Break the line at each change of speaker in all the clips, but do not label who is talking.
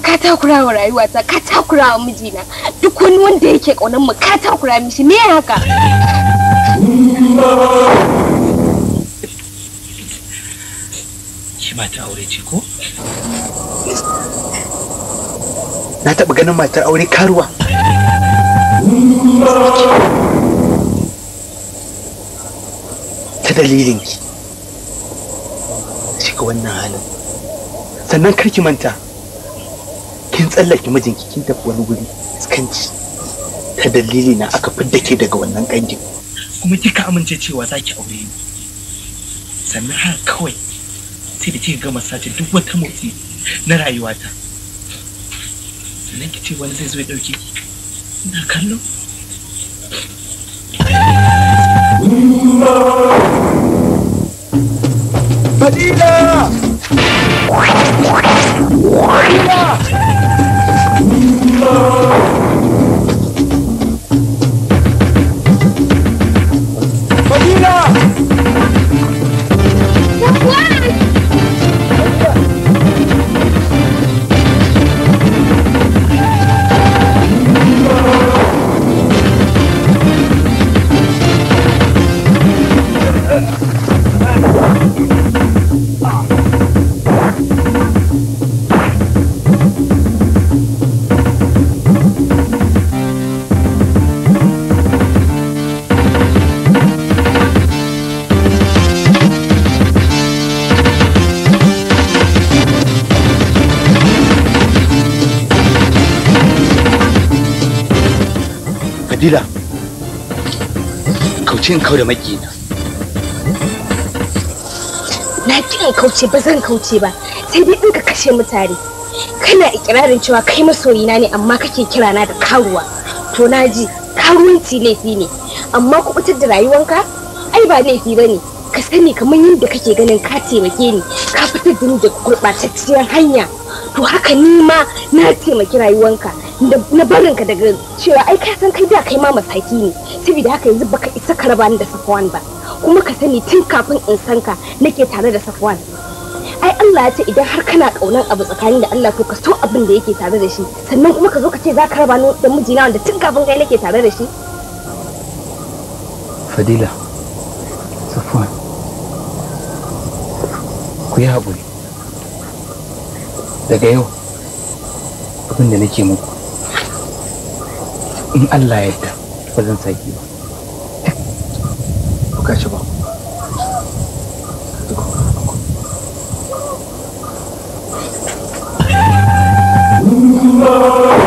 don ka takura wa rayuwata ka takura wa mijina duk wani wanda yake ƙaunar mu ka takura mishi me haka
Shi mata aure ce ko na taɓa ganin matar aure karuwa ta dalilin ki shiga wannan halin sannan karki manta kin tsallake mijinki kin tafi wani wuri iskanci ta dalili na aka fidda ke daga wannan kangin kuma kika amince cewa za ki aure ni sannan har kawai sai da kika gama sace duk wata motsi na rayuwata sannan kice wani zai zo ya dauke ki
ina kallo Fadila! Fadila! Oh!
kau da na ki in
kauce ba zan kauce ba sai dai in ka kashe mutane kana ikirarin cewa kai masoyina ne amma kake kira na da karuwa to na ji karuwanci laifi ne amma kubutar da rayuwanka ai ba laifi ba ne ka sani kamar yadda kake ganin ka taimake ni ka fitar da ni da gurɓatacciyar hanya to haka ni ma na taimaki rayuwanka na barinka daga cewa ai ka san kai da kai ma masaki ne da haka yanzu baka isa karaba ni da Safwan ba kuma ka sani tun kafin in san ka nake tare da Safwan ai Allah ya ce idan har kana kaunar abu tsakanin da Allah to ka so abin da yake tare da shi sannan kuma ka zo ka ce za ka raba ni da mijina wanda tun kafin kai nake tare da shi
Fadila Safwan ku yi haƙuri daga yau abin da nake muku in Allah ya yarda ba zan saki ba buka shi ba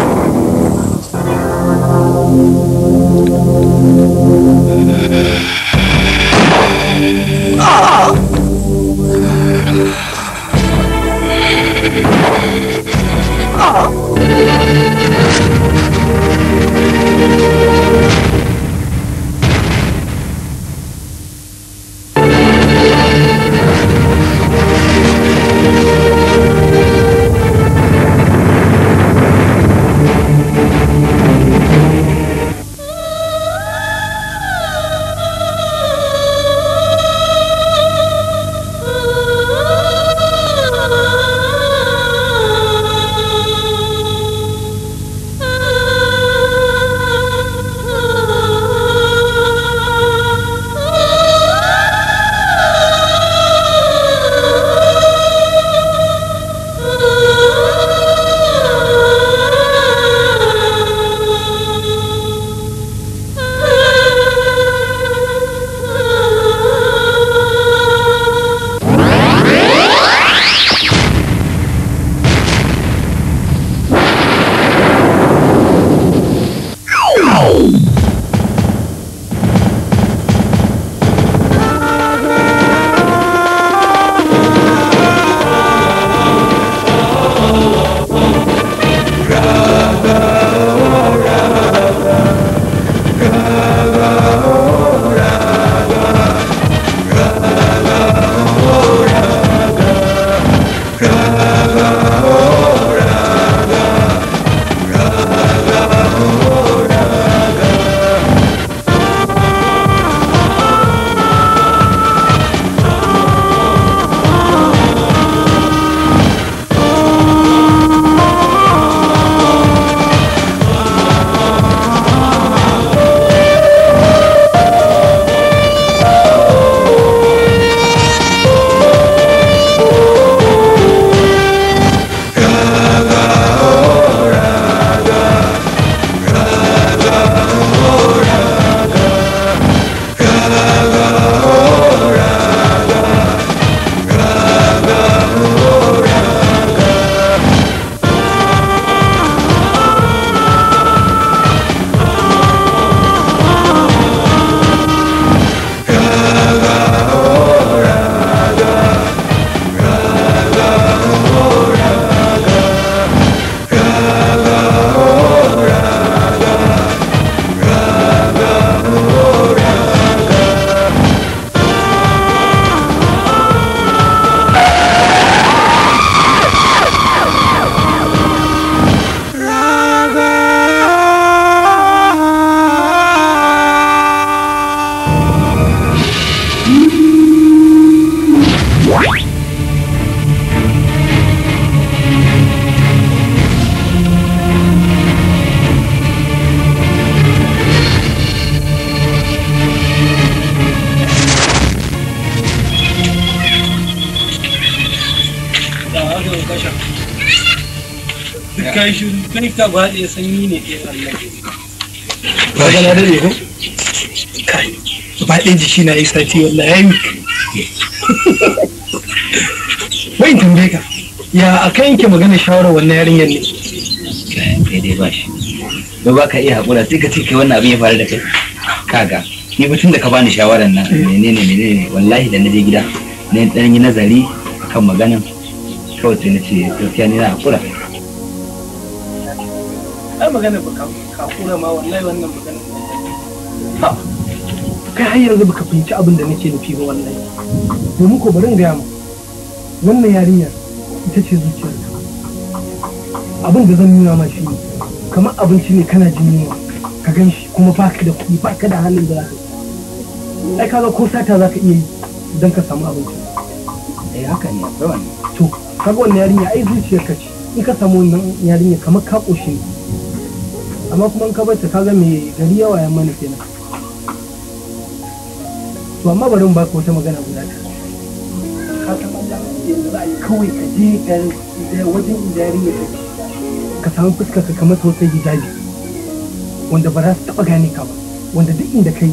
halitta ba ya sanyi ne ke ba ga na dade ko ba ɗin jiki na yi sati wallahi yayi wai tambaye ka ya a kan yanke magana shawara wannan yarinyar ne kai dai ba shi ba ba ka iya haƙura sai ka ce kai wannan abin ya faru da kai kaga ni mutum da ka bani shawarar nan menene menene wallahi da na je gida na dan yi nazari akan maganan kawai sai na ce gaskiya ni na haƙura magana ba kura ma wallahi wannan magana ha kai har yanzu baka fahimci abin da nake nufi ba wallahi domin ko bari in gaya ma wannan yarinya ita ce zuciyar abin da zan nuna ma shi kamar abinci ne kana jin ka gan shi kuma baka da kuɗi baka da halin da zaka ai kaga ko sata zaka iya yi don ka samu abinci eh haka ne to kaga wannan yarinya ai zuciyar ka ce in ka samu wannan yarinya kamar ka koshi ne amma kuma ka bata kaga mai gari yawa ya mana kenan to amma bari mu baka wata magana guda ta ka san Allah yanzu za a yi kawai ka je da wajen idari ya ka samu fuska ka kamar wata hijabi wanda ba za su taba gane ka ba wanda duk inda kai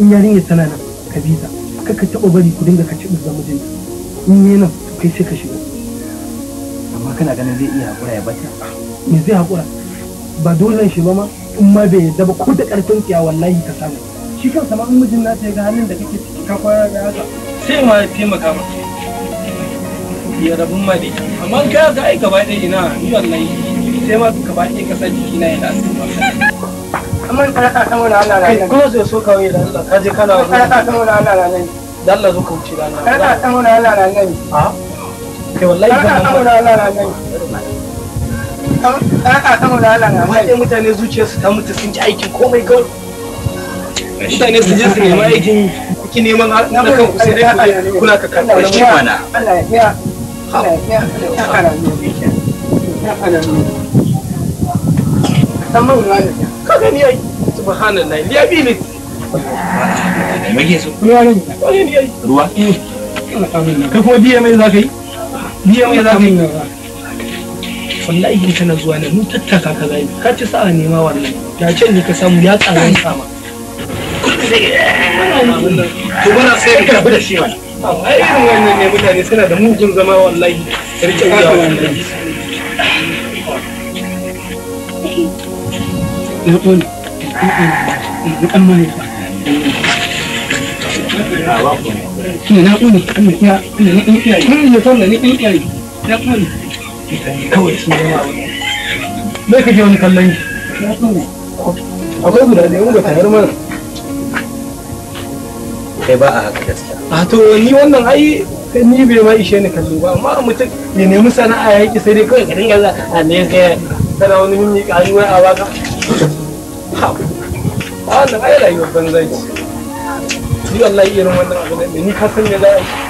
in yarinya tana nan ka bi ta ka taba bari ku dinga ka ci da mijinta in yi nan kai sai ka shiga amma kana ganin zai iya hakura ya bata me zai hakura ba dole shi ba ma in ma bai yadda ba ko da karfin tsiya wallahi ka samu shi kansa ma mijin na ta ga halin da kake ciki ka kwana da haka sai ma ya taimaka ma ya rabun ma dai amma in ka ga ai gaba ɗaya ina ni wallahi sai ma gaba ɗaya ka san jiki na ya lasu amma kana ka san wani Allah ranar kuma zai so kawai da Allah kaje kana kana ka san wani Allah ranar dalla zo ka wuce ranar kana ka san wani Allah ranar a kai wallahi kana ka san wani Allah ranar a'a sama da Allah amma sai mutane zuciyarsu ta mutu sun ji aikin komai kawai mutane su je su nemi aikin kuki neman na kan ku sai dai kuna ka kan shi mana Allah ya ya ya kana ne ya kana ne saman wani ka gani ai subhanallah ya bi ne Mage su? Ruwa ne. Ruwa ne. Hmm. Ruwa? Ka kuma mai za ka
yi?
mai za ka wallahi in kana zuwa nan mun tattaka ka zai ka ci sa'a nema wannan ya ce ne ka samu ya tsaron sama to bana sai ka rabu da shi ba. ai irin wannan ne mutane suna da mugun zama wallahi sarki ka wallahi
na ƙone amma ne ba
na ƙone na ƙone na ƙone na ƙone na ƙone kawai su zama abu ne kake wani kallon shi akwai guda tayar mana kai ba a haka gaskiya a to ni wannan ai ni bai ma ishe ni kallo ba amma mutum ya nemi sana'a ya yaki sai dai kawai ka dinga za a ne ka kana wani mini karuwa a baka ha wannan ai rayuwar ni wallahi irin wannan abu ne ni ka san me za a yi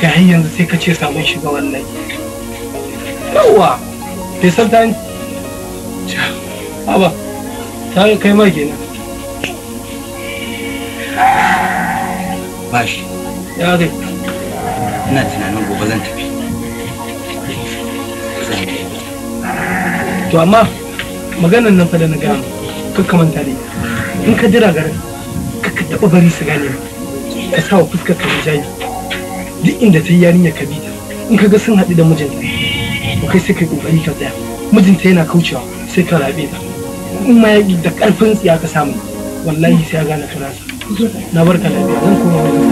kai har yanzu sai ka ce sabon shiga wannan yawwa bai san ta haba ta yi kai mai gina bashi ya zai? ina tunanin gobe zan tafi to amma maganar nan fa da na gano kakka manta da in ka jira garin ka taɓa bari su gane ka sa wa fuskar ka hijabi duk inda ta yi yarinya ka bi ta in ka ga sun haɗu da mijinta to kai sai kai kokari ka tsaya mijinta yana kaucewa sai ka rabe ta in ma da ƙarfin tsiya ka samu wallahi sai ya gane kana na barka lafiya zan koma wajen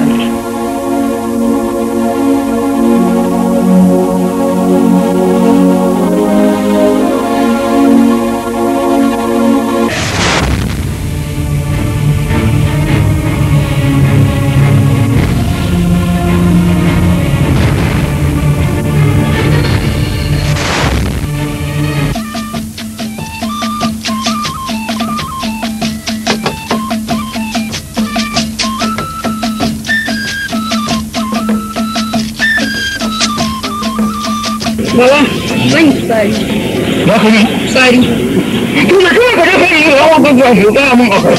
Baba, zan yi tsari. Ba ka yi? kuma ka dafa yi hawa gaggawa shi ga mun akwai.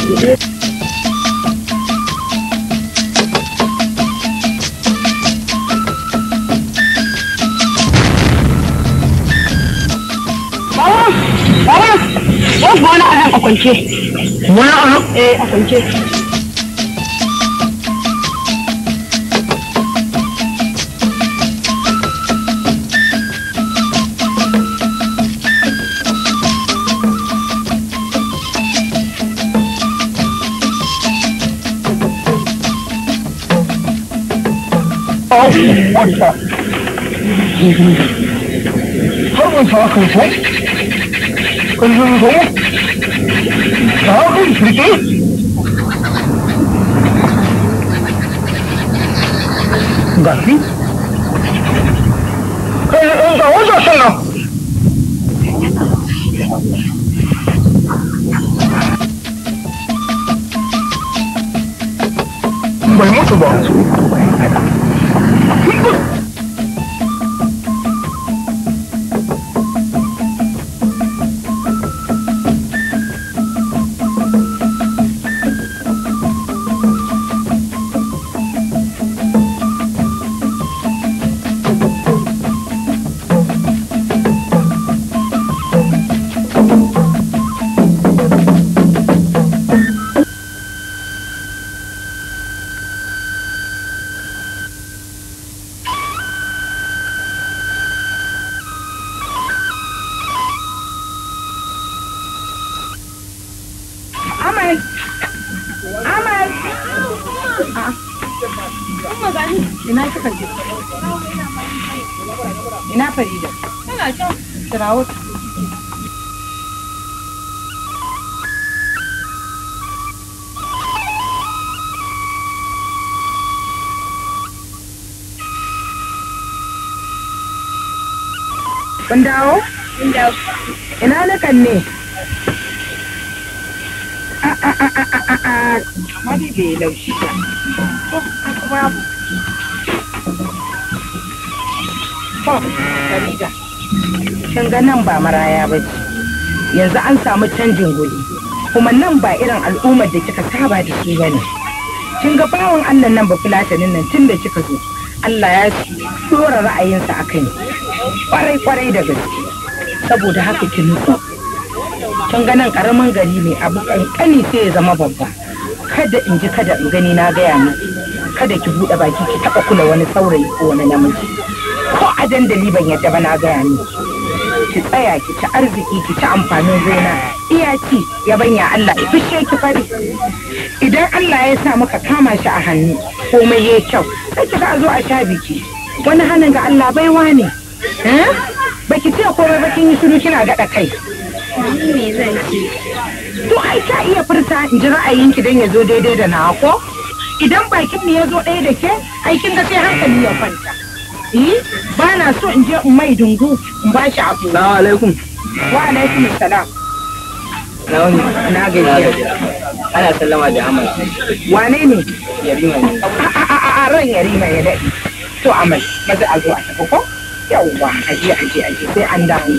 Baba, baba, wasu wani a nan a kwance. Wat? Oh, what the? Wat? vragen, hè? Wat? we gewoon?
Wat? is.
Dat niet? Kunnen je Wat? ook nog? Wat? moeten Wat? maraya ba yanzu an samu canjin guri kuma nan ba irin al'ummar da kika saba da su ne. kin ga bawan Allah nan ba fulatanin nan tun da kika zo Allah ya dora ra'ayinsa a kai kwarai kwarai da gaske saboda haka ki nutsu kin ga nan karamin gari ne abu kankani sai ya zama babba kada in ji kada in gani na gaya ni, kada ki buɗe baki ki taɓa kula wani saurayi ko wani namiji ko a dandali ban yadda ba na gaya miki ki tsaya ki ci arziki ki ci amfanin gona iyaki yabanya Allah ya fishe ki fari idan Allah ya sa maka kama shi a hannu komai yayi kyau sai ki ga zo a sha biki wani hannun ga Allah baiwa ne baki ce komai ba kin yi shiru kina da kai
me zan ci
to ai ka iya furta in ji ra'ayinki dan ya zo daidai da na, ko idan bakin ne ya zo ɗaya da ke aikin ga sai hankali ya kwanta ba na so in je in mai dungu ba shi abu salamu alaikum wa alaikum salam Na Launi, na gajiya. Ana sallama da amal. Wane ne? Yarima ne. A ran yarima ya daɗi. To amal, maza a zo a tafi ko? Yawwa, aje aje aje sai an dawo.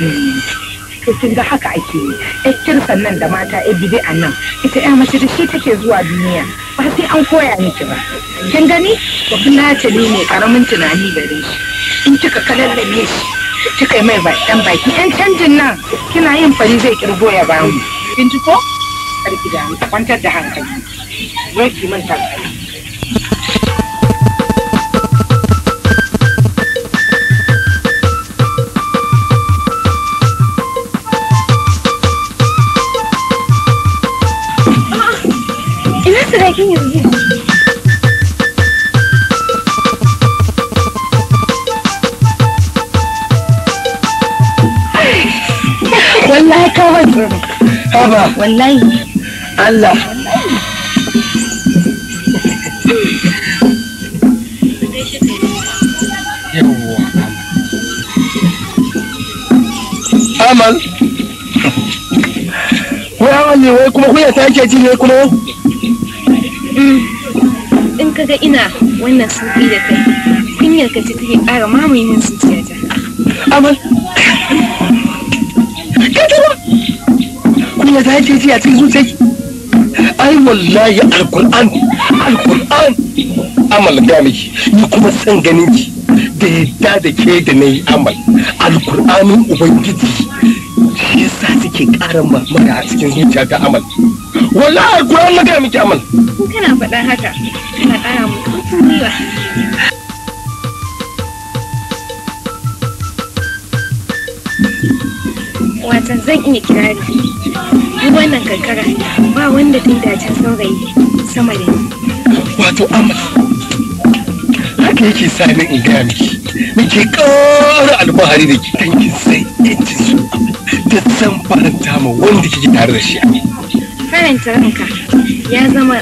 Hmm. to kin ga haka ake yi yakkir sannan da mata ya a nan ita ya mace da shi take zuwa duniya ba sai an koya miki ba kin gani ba kuna ne karamin tunani gare shi in kika kalallabe shi em vậy, à anh kika mai bakin baki yan canjin nan kina yin fari zai kirgo ya bamu cái gì, ko karki da kwantar da hankali wai ki manta
Ina sadakin yanzu.
ba Wallahi. Allah. Amal. Wai amal ne wai kuma kuya ta yake ji ne kuma.
Mm. In ka ga ina wannan sufi da kai, kunyar ka ce take ƙara mamaye min ta. Amal.
ya ta ce ce a cikin zuciyarki ai wallahi alquran alquran amal ga ni kuma san ganin ki da yadda da ke da nayi amal alquranin ubangiji shi yasa take ƙara mamaya a cikin zuciya ta amal wallahi alquran na ga miki amal kana faɗa haka
kana ƙara mutum riwa watan zan iya kirari duk wannan kankara ba wanda ta yi dacen saurayi sama da ni.
Wato Amal, haka yake sa ni in gaya miki, nake ƙara alfahari da ki kanki
sai yanci su
da zan faranta ma wanda kike tare da shi a ne.
Faranta ranka ya zama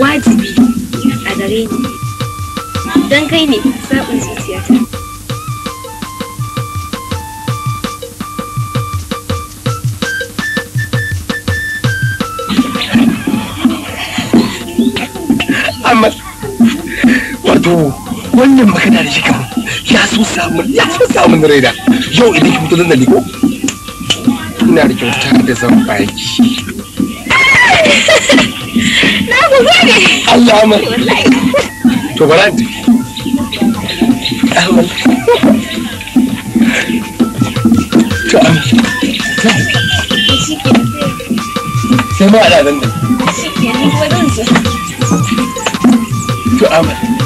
wajibi a gare ni. Don kai ne sabon zuciyata.
amma wato wannan magana da shi ya so samu ya so samu raina yau idan ki fito nan da liko ina da kyauta da zan baki na ku gode Allah amma to bara ni to amma sai ma ala nan ne
shi ke ni kuma zan
I'm,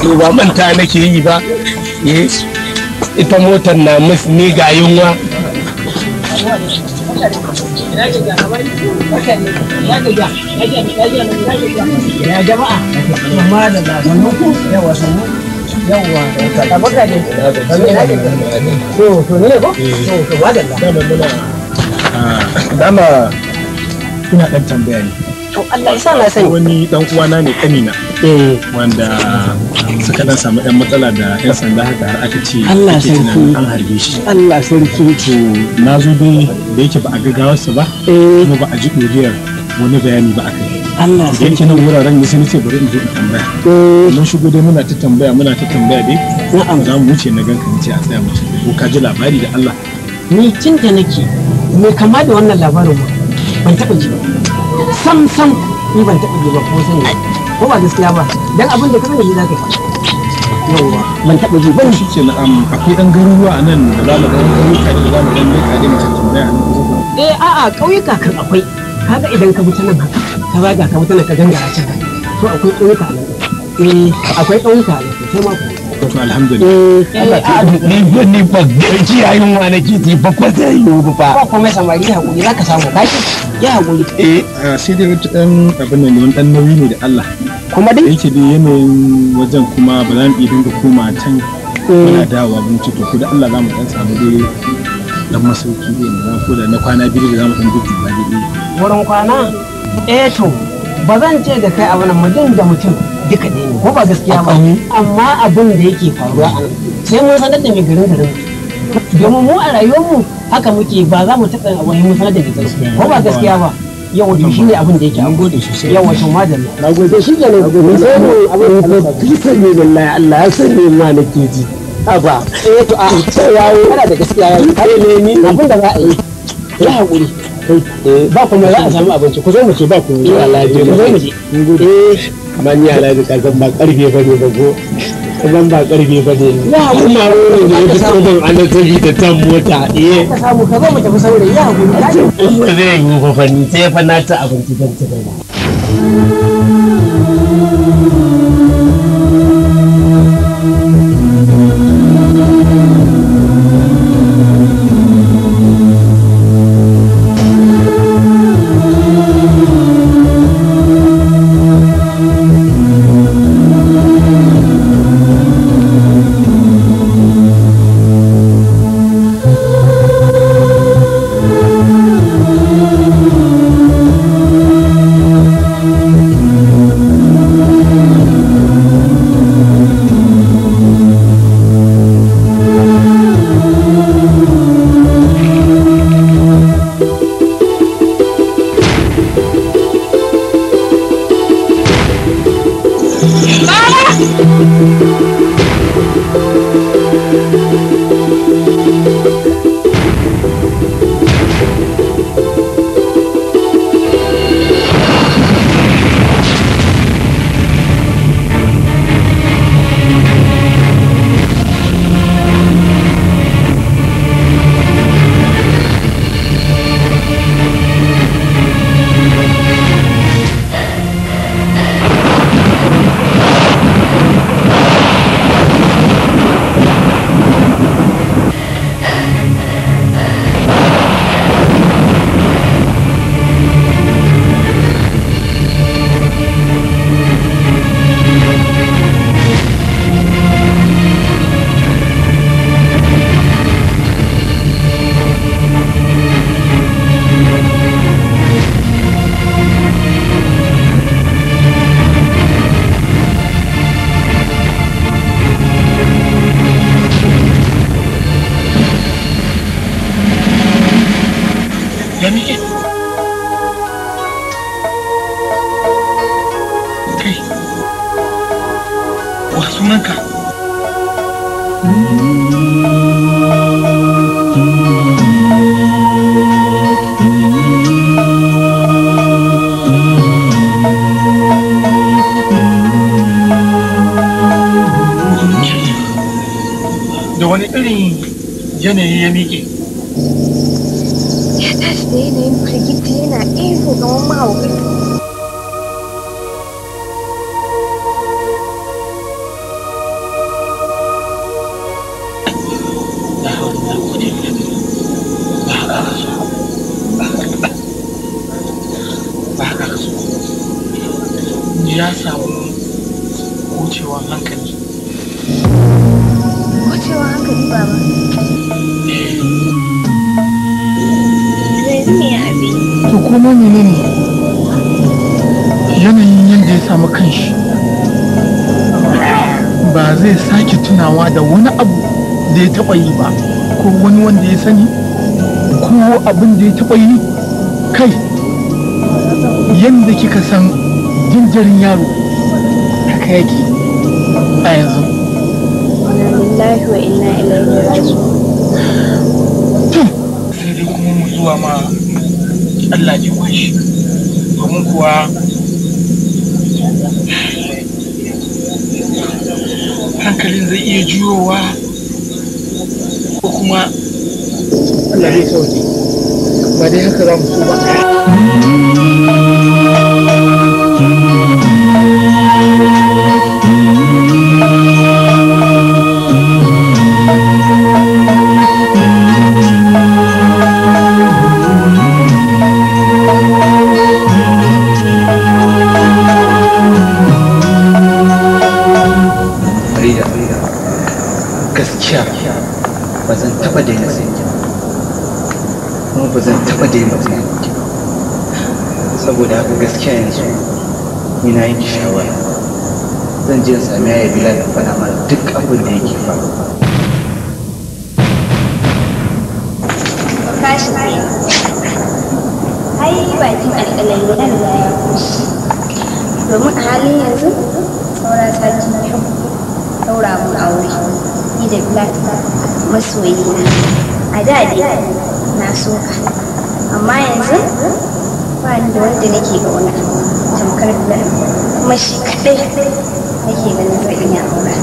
to ba manta nake yi ba eh, ita motar na ne ga yunwa
ya jama'a amma da zanen yawa yawa
baka ne to ne to to ba da dama dan tambaya ne to Allah ya sa na sani wani dan uwana ne kanina eh wanda suka dan samu yan matsala da yan sanda haka har aka ce Allah sarki an harbe shi Allah sarki to na zo dai da yake ba a ga su ba eh. kuma ba a ji ɗoriyar wani bayani ba a kai Allah sarki yake nan wuraren ne sai ce bari in zo in tambaya eh. mun shigo dai muna ta tambaya muna ta tambaya dai na'am za mu wuce na ganka nace a tsaya mu ko ka ji labari da Allah ni kinta nake me kama da wannan labarin ba ban taba ji ba sam sam ni ban taba ji ba
ko sai ko ba gaskiya ba dan abin da ka sani za ka
man ji um, akwai garuruwa a nan da za mu ɗan ƙauyuka da za mu ɗan da mutum a nan kusa eh, a'a ƙauyuka kan akwai kaga idan ka nan haka ka zaga ka nan ka gangara can to akwai ƙauyuka a eh akwai ƙauyuka a nan ma ku wato alhamdulillah eh, eh, ni ba gaji ya yi wa nake ti ba ba yi ba ba kuma samari ya hakuri zaka samu kaki ya hakuri eh sai dai dan abin nan ne nauyi ne da Allah kuma dai yake dai yanayin wajen kuma ba za mu iya dinga koma can eh. muna dawowa mun ci to kuma Allah za mu dan samu dai dan masauki ne na ko da na kwana biyu da za mu dan gudu ba dai wurin kwana eh to ba zan ce da kai abu nan mutum da mutum duka ne ko ba gaskiya ba amma abin da yake faruwa sai mun sanar da mai garin garin domin mu a rayuwar mu haka muke ba za mu taɓa wani mun sanar da gaskiya ko ba gaskiya ba yawa to ne abin da yake an gode sosai yawa to madalla na gode shi ne na gode sai mu abin da kike ne wallahi Allah ya san ne ma nake ji aba eh to a sai yayi kana da gaskiya yayi kai ne ni abin da za a yi ya hakuri ba kuma za a samu abinci ku zo mu ce ba ku zo Allah ya ji mu zo mu ji mun gode kamar ni Allah ya ji karfin ba karfe fa ne ba go kuma ba karfe ba ne ina wurin da ya fi tsohon ana tafi da tan mota eh ka samu ka zo mu tafi saurayi ya ne hakuri ba zai yi fafani sai fa na ta abinci don ta gaba taɓa yi kai yadda kika san jinjirin yaro haka yake a yanzu sai dai kuma mu zuwa ma Allah ne kwashi domin kuwa hankalin zai iya juyowa ko kuma Allah zai sauke. ba dai haka za mu so ba taɓa daina saboda haka gaskiya yanzu ni na shawara zan je sami ya bilal da faɗa mana duk abin da yake faru
domin a halin yanzu saura ta ji kyau aure ni da bilal masoyi na a da dai na so ka amma yanzu ba ni da wanda nake wani tamkar da kuma shi kaɗai nake ganin zai iya aura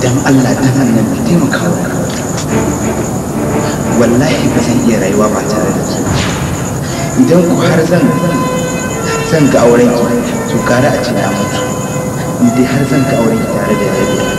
dan allah dan annabi taimaka wa wallahi ba zan iya rayuwa ba tare da ke idan ku har zan zan ga auren ki to gara a ci na mutu in dai har zan ga auren ki tare da rabi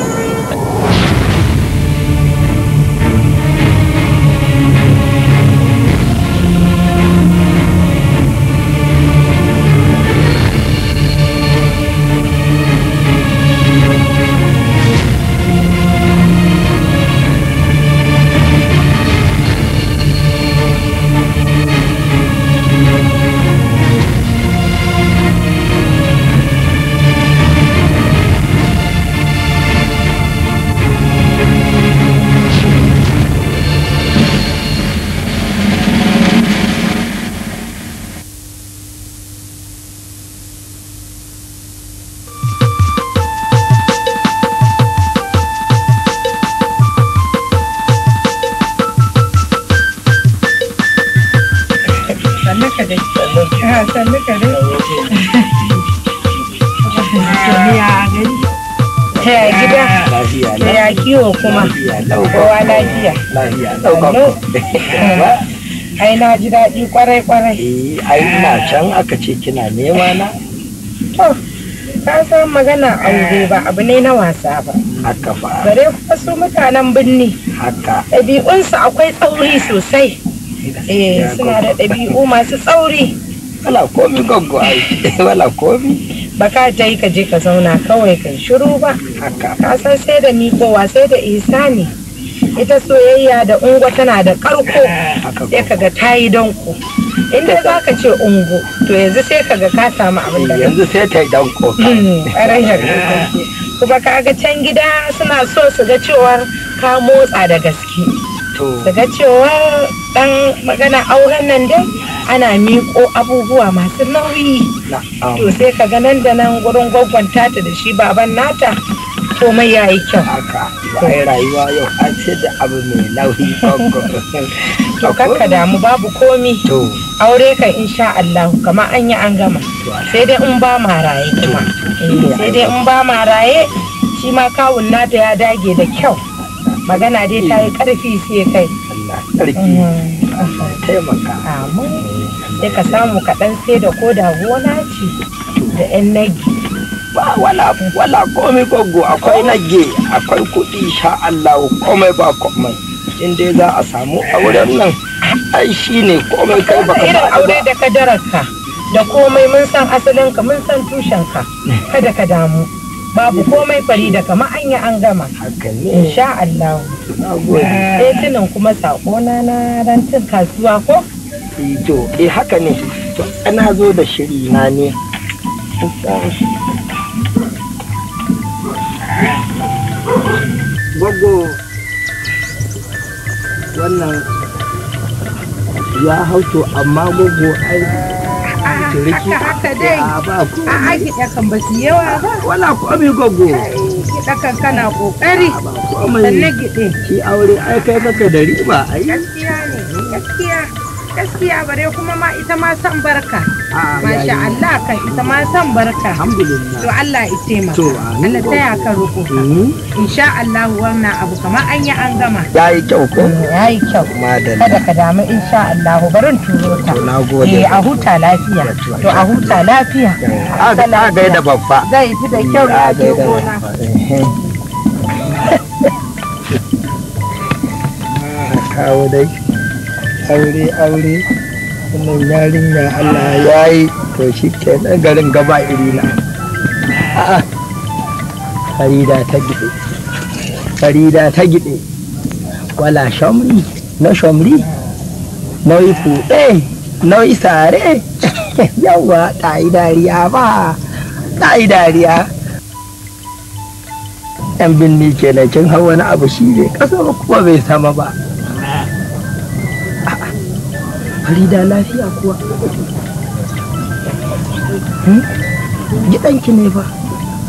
ai na ji daɗi kwarai kwarai eh ai ina can aka ce kina nema na to ka san magana aure ba abu ne na wasa ba haka fa bare kuma su mutanen binni haka su akwai tsauri sosai eh suna da ɗabi'u masu tsauri wala komi gogo ai wala komi ba ka je ka je ka zauna kawai kai shiru ba Haka ka san sai da miƙowa sai da isa ne ita soyayya da ungo tana da karko sai kaga ta yi danko inda za ka ce ungo to yanzu sai kaga ka samu abin da yanzu sai ta yi danko hmm, kuma kaga can gida suna so su ga cewar ka motsa da gaske su ga cewar dan magana auren nan dai ana miko abubuwa masu nauyi to sai kaga nan da nan gurin gwaggwanta ta da shi baban nata komai ya yi kyau haka bai rayuwa yau an ce da abu mai nauyi to kakka damu babu komi aure kan insha Allah kamar an yi an gama sai dai in ba ma raye kuma eh, sai dai in ba ma raye shi ma kawun nata ya dage da kyau magana dai ta yi karfi sai kai mm-hmm. sai ka samu kaɗan sai da ko da gona ce da 'yan nagi ba wala wala komai gogo akwai nage akwai kuɗi sha Allah komai ba komai inda dai za a samu auren nan ai shine komai kai baka ba aure da kadararka da komai mun san asalin ka mun san tushen ka kada ka damu babu komai fari da kama an yi an gama insha Allah sai eh, tunan kuma sako na rantin kasuwa ko eh, to eh haka ne to ana zo da shiri na ne Gwaggo wannan ya hauto amma gwaggo ai ciriki a ba ku. A aki ɗakan ba su yawa ba. Wala ku ami gwaggo. dakan ɗakan kana ƙoƙari. Sannan gide shi aure ai kai kaka da riba ai. Gaskiya ne gaskiya. Gaskiya bare kuma ma ita ma san barka. Masha Allah ka ita ma san barka. To Allah ya taimaka. To Allah ta ka roƙo. Mm-hmm. Insha Allah wannan abu Kama an yi an gama. Yayi kyau ko? Eh, yayi kyau. Madalla. Kada ka damu insha Allah barin turo ta. To na gode. Eh a huta lafiya. To a huta lafiya. Eh, a ga da babba. Zai fi da kyau ya je gona. Kawo dai. Aure aure. wannan yarinya Allah ya yi to shi ke nan garin gaba iri a'a farida ta gide farida ta gide wala shamri na shamri nauyi kuɗe? nauyi sare yawa ta yi dariya ba ta yi dariya yan binni ke na cin hau wani abu shi ne ƙasa kuma bai sama ba farida lafiya kuwa hmm? gidanki ne fa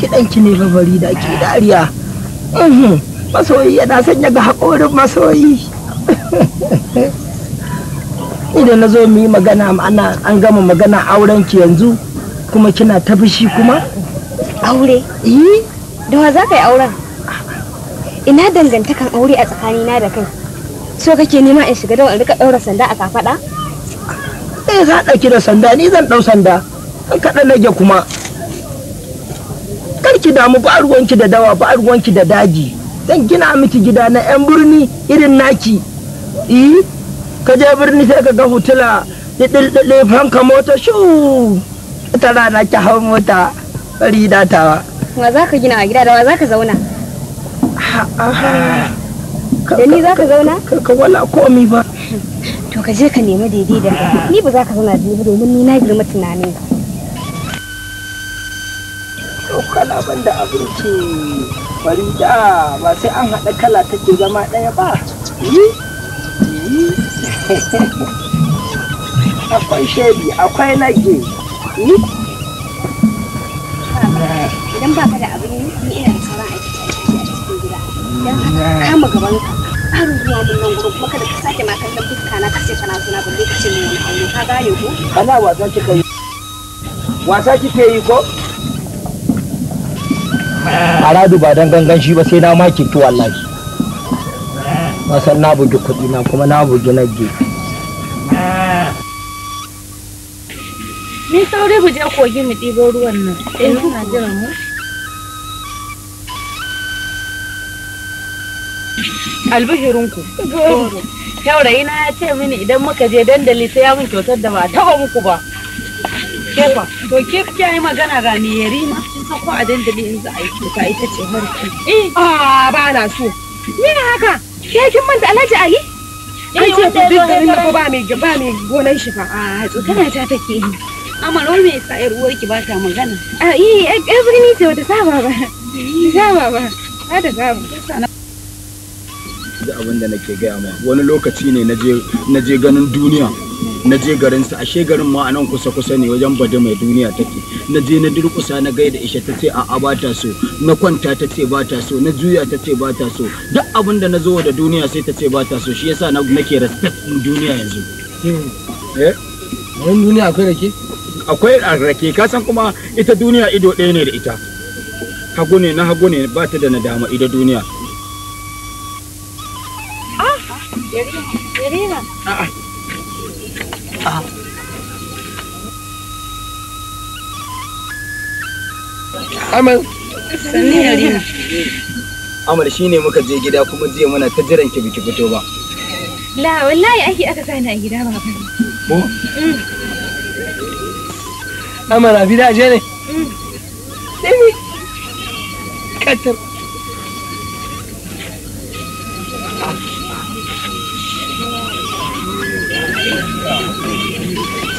gidanki ne fa farida ke dariya mhm. masoyi yana sanya ga haƙorin masoyi idan na zo mu yi magana ana an gama magana auren ki yanzu kuma kina ta fushi kuma
aure yi eh? da wa za ka yi auren ina dangantakan aure a tsakanina da kai so kake nema in shiga dawa in rika daura sanda a kafada?
kai za a da sanda ni zan ɗau sanda kan kaɗan rage kuma karki damu ba ruwanki da dawa ba ruwanki da daji zan gina miki gida na 'yan birni irin naki eh ka je birni sai ka ga hutula ɗiɗɗiɗɗi fanka mota shu ta rana ki hawo mota bari datawa
wa za ka gina a gida da wa za ka zauna
ha da ni za ka zauna ka wala komi ba
to ka je ka nemi daidai da ni ba za ka zana da ni ba domin ni na girma tunanin ka
to kana ban da abinci farida ba sai an haɗa kala take zama ɗaya ba akwai shedi akwai nage
idan ba ka da abin yi ina da sauran aiki a cikin gida idan kama gaban ka karin ruwa mun nan gurin kuma kada ka sake ma kallon fuska na kace kana suna balle kace mun wani aure ka gane ko
ana wasa kika yi wasa kike yi ko Aradu ba dan gangan shi ba sai na maki ki wallahi. Masan na bugi kuɗi na kuma na bugi na je.
Ni saurin mu je kogi mu ɗibo ruwan nan. Sai eh, muna jiran mu.
albihirinku goro saurayi na ya ce mini idan muka je dandali sai ya mun kyautar da ba taba muku ba kefa to ke kya
yi magana ga me yari ma sun sako a dandali in za a yi kyauta ita ce harki eh ah ba na so me haka ke kin manta Alhaji Ali eh, an ce ku duk garin na ba mai ba mai gonan shi fa a tsokana ta take yi amma wai me yasa yar uwarki ba ta magana a yi eh, ai eh, birni ce wata saba ba saba ba ta saba
ji abin da nake gaya ma wani lokaci ne na je ganin duniya na je garin sa ashe garin ma anan kusa kusa ne wajen bada mai duniya take na je na durkusa na gaida isha ta ce a'a ba ta so na kwanta ta ce ba ta so na juya ta ce ba ta so duk abin da na zo da duniya sai ta ce ba ta so shi yasa nake respect din duniya yanzu eh, eh? duniya akwai rake akwai rake ka san kuma ita duniya ido ɗaya ne da ita hagu ne na hagu ne ba ta da nadama ido duniya Yarima. A'a. Ah. Ah. Amal.
Sanni Yarima.
Amal shine muka je gida kuma jiya muna ta jiran ki biki fito ba.
La wallahi aiki aka sani a gida ba ba.
Ko? Mm.
Amal abi da je
ne? Mm. Katar.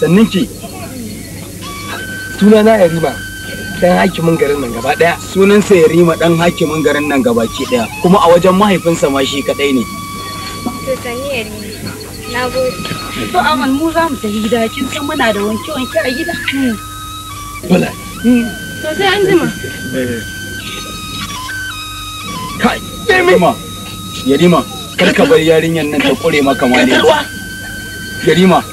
sannin ki suna na yarima dan hakimin garin nan gaba daya sunan sa yarima dan hakimin garin nan gaba ke daya kuma a wajen mahaifinsa ma shi kadai ne
to sanni yarima na gode to mu za mu tafi gida kin san muna da wanke wanke a gida bala hmm. hmm. to sai an jima
kai yarima yarima kar ka bar yarinyar nan ta kure maka mali yarima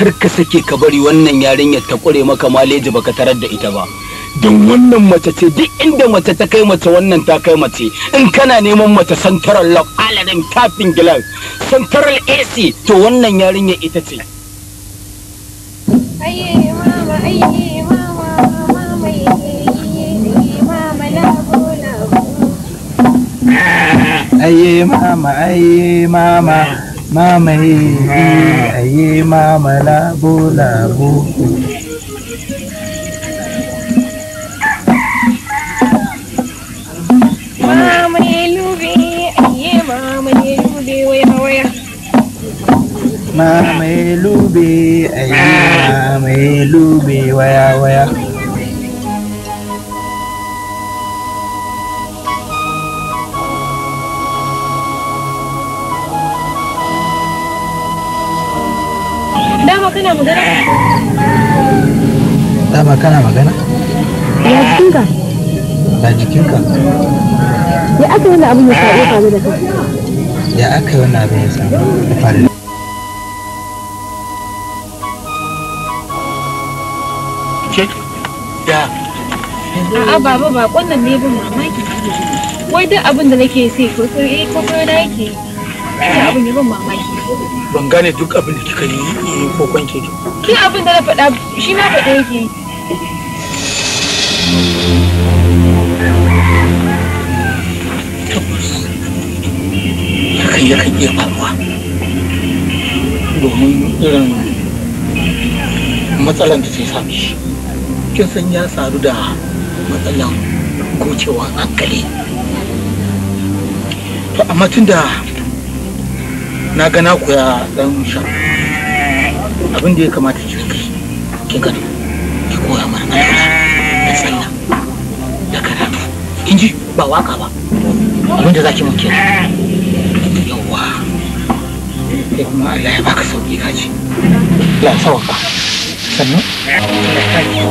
kar ka sake ka bari wannan yarinyar ta kure maka maleji baka tarar da ita ba don wannan mace ce duk inda mace ta kai mace wannan ta kai mace in kana neman mace santaral lock aladin tafin gilas santaral ac to wannan yarinyar ita ce Aye mama, aye mama. mama he aye mama labo bu.
mama lubi, aye mama lubi waya waya
mama lubi, aye mama lubi waya waya dama kana magana dama kana magana ya jikinka ya jikinka
ya aka yi wani abin ya faru da kai
ya aka yi wani abin ya faru da
A'a baba ba nan ne bin mamaki. Wai duk abin da nake sai ko sai ko na yake. Abin ya bin mamaki.
ban gane duk abin da kika yi eh, ko kwanke ki
ki abin da na faɗa shi na faɗa yake
hakan yakan iya faruwa domin irin matsalan da ta same shi kin san ya saru da matsalan gocewa hankali to amma tun da. na ga na koya dan shan abin da ya kamata ki ki gani ki koya mana alƙur'ani da sallah da karatu kin ji ba waka ba abin da zaki mun kenan yawwa sai kuma Allah ya baka sauki kaji Allah ya sauka sannan Thank you.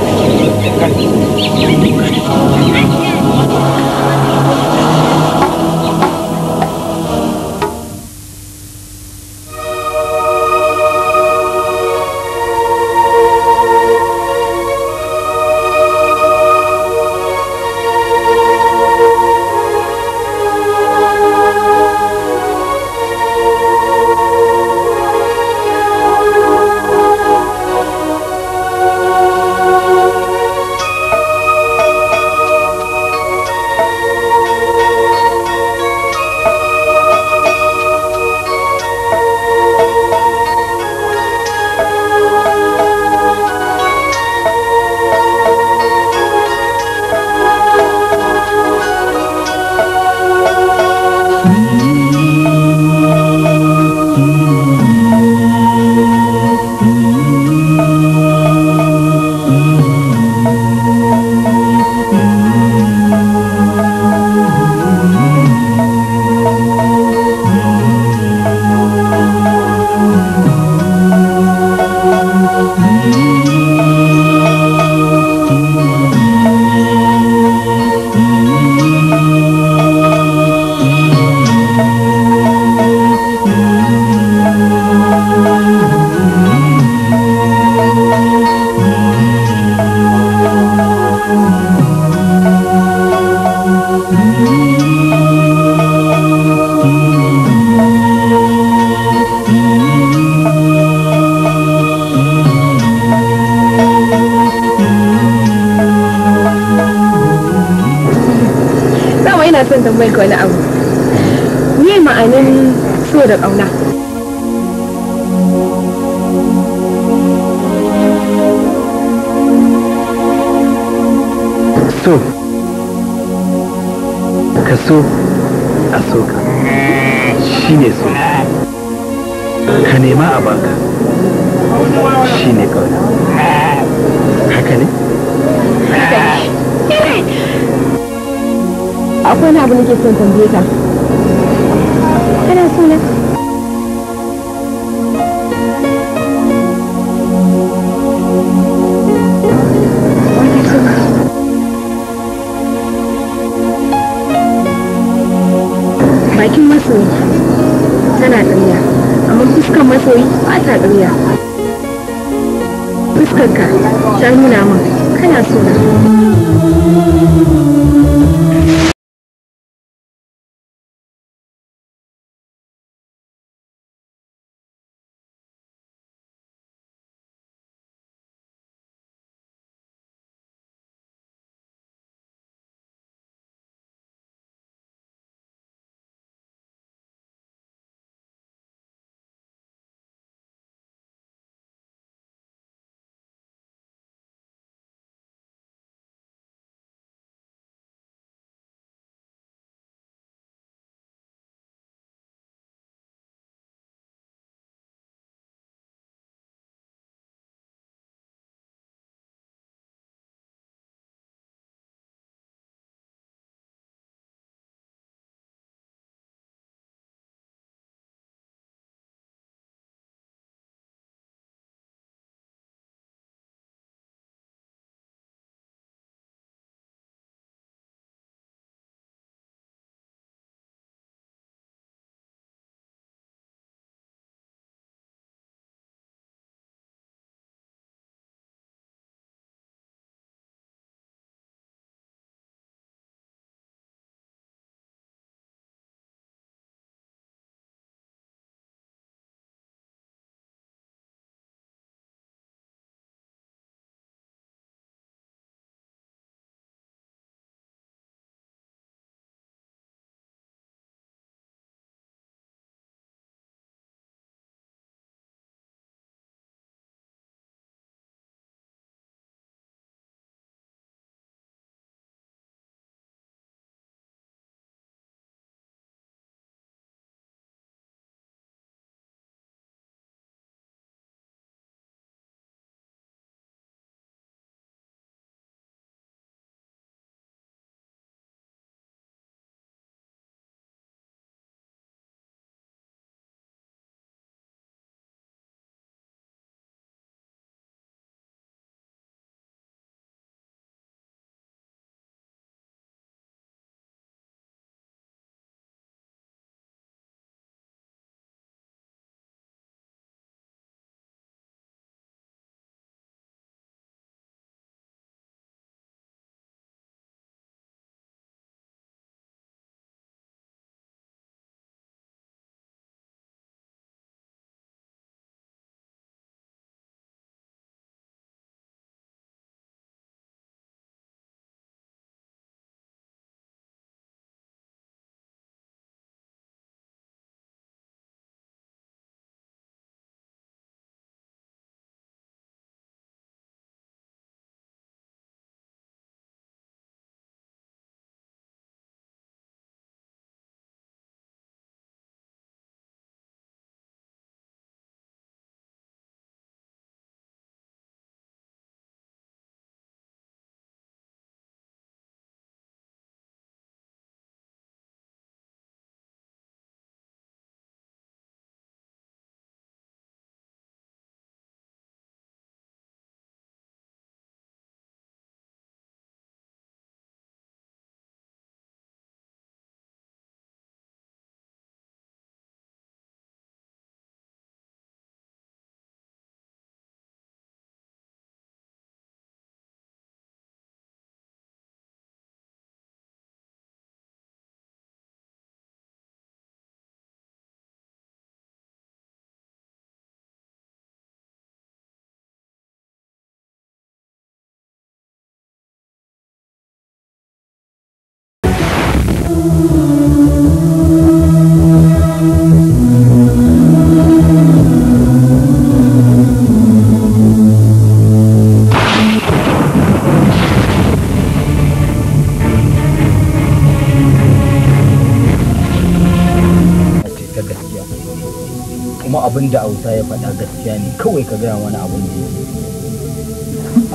da auta ya faɗa gaskiya ne kawai ka gaya wani abin da yake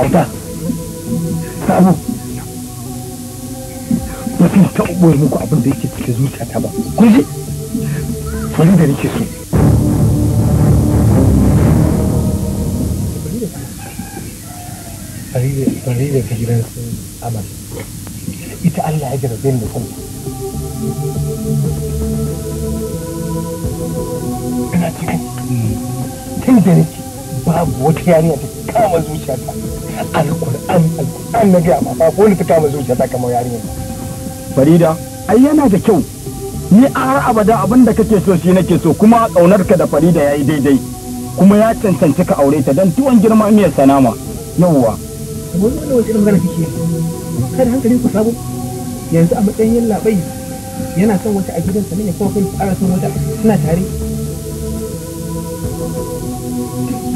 auta samu ba zan ta ɓoye muku abin da yake cikin zuciyata ba kun ji wani da nake so bari da gidan su amal ita Allah ya jarabe da kuma tana cikin tun da nake babu wata yarinya ta kama zuciyata alkur'an alkur'an na gaya ma babu wani ta kama zuciyata kamar yarinya farida ai yana da kyau ni a har abada abin da kake so shi nake so kuma ƙaunarka da farida ya yi daidai kuma ya cancanci ka aure ta don tuwon girma miyar sanama yawwa wani wani wani magana kake kada hankali ku sabo yanzu a matsayin labai yana son wata a gidansa ne ya kuma kai ara son wata suna tare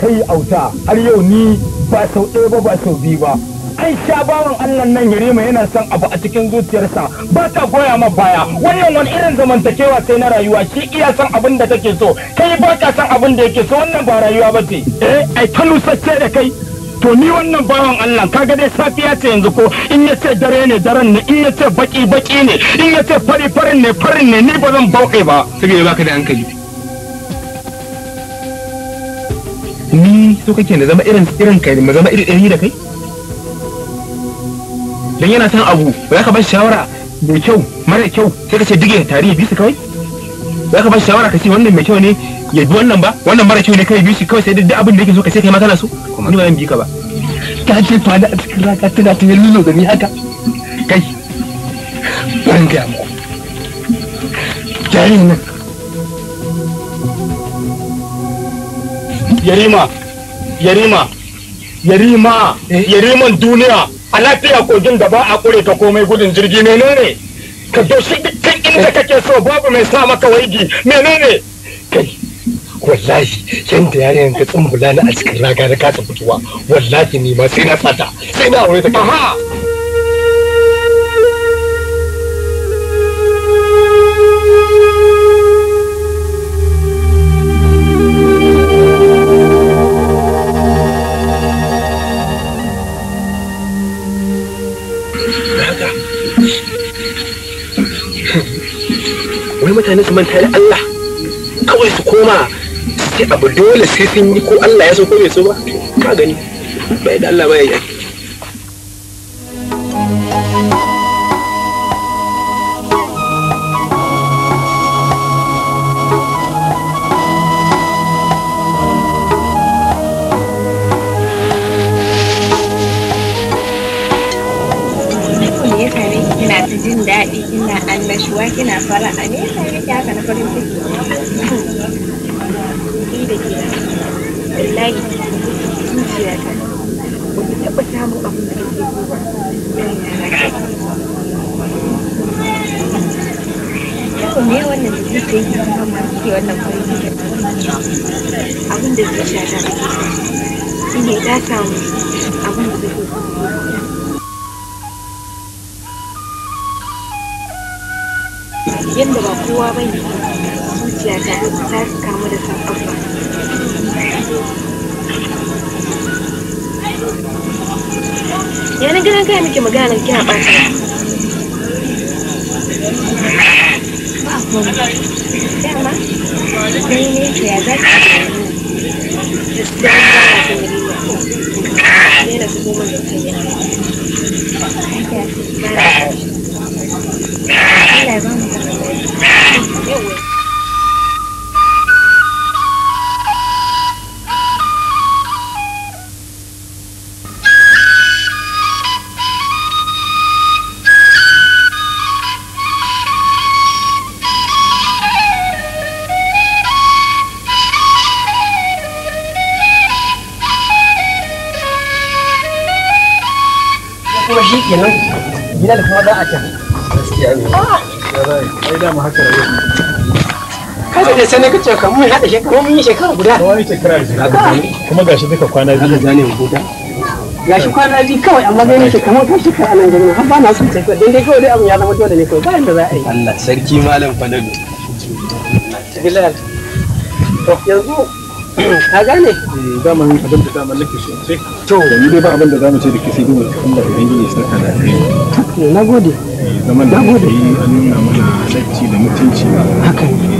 ta yi auta har yau ni ba sau ɗaya ba ba sau biyu ba an sha bawan Allah nan yarima yana son abu a cikin zuciyarsa ba ta goya ma baya wannan wani irin zamantakewa sai na rayuwa shi iya son abin da take so kai ba ka son abin da yake so wannan ba rayuwa ba ce eh ai ta nusacce da kai to ni wannan bawan Allah kaga dai safiya ce yanzu ko in ya ce dare ne daren ne in ya ce baki baki ne in ya ce fari farin ne farin ne ni ba zan bauke ba ya baka da hankali ni so kake na zama irin irin kai mu zama iri ɗari da kai dan yana san abu ba ka ba shawara mai kyau mara kyau sai ka ce dige tarihi bisu kawai ba ka ba shawara ka ce wannan mai kyau ne ya bi wannan ba wannan mara kyau ne kai bisu kawai sai duk abin da yake so ka ce kai ma kana so ni ba zan bi ka ba ka ce fada a cikin raka tana ta lullo da ni haka kai ban ga mu jari nan yarima yarima yarima eh? yariman duniya a lafiya kogin da ba a kure ta komai gudun jirgi menene ka doshi dukkan inda eh? kake so babu mai sa maka waigi menene kai wallahi yanda yaren ka tsumbula na a cikin raga na kasa fitowa wallahi ni ma sai na sata sai na aure ta kai mutane su manta da Allah kawai su koma sai abu dole sai sun yi ko Allah ya so ko bai so ba ka gani bai da Allah ba yi
Hùng Chắc mắt Đi đi kìa rất Đơn ra là tình Đây là tình mình
ita na kace kamar mun hada shekara mun yi shekara guda wani shekara kuma gashi duka kwana biyu da ne guda gashi kwana biyu kawai amma dai nake kamar ta shekara nan gari ba na son tafiya dai dai kawai dai abin ya zama dole ne kawai bayan da za a yi Allah sarki malam falalu bilal to yanzu ka gane eh, dama yin abin da so to ni dai ba abin da zamu ce da ke dole Allah ya dangi shi da kai na gode eh, zaman da yi an nuna mana da mutunci haka ne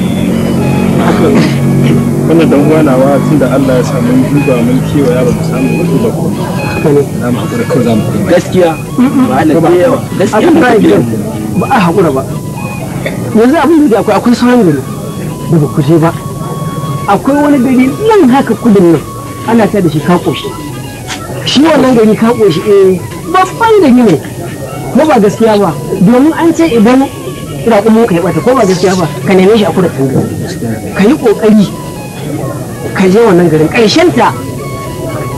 wannan dan uwa nawa tun da Allah ya samu duba mun kewa ya ba mu samu wani ba ko haka ne za mu hakura kawai za mu gaskiya wahala ce gaskiya ba ya ba a hakura ba yanzu abin da akwai akwai sauran gari da ba ku je ba akwai wani gari nan haka kudin nan ana ta da shi ka koshi shi wannan gari ka koshi eh babban gari ne ko ba gaskiya ba domin an ce idan raƙumin ka ya bata ko ba gaskiya ba ka neme shi a kudu ka yi ƙoƙari ka je wannan garin ƙarshenta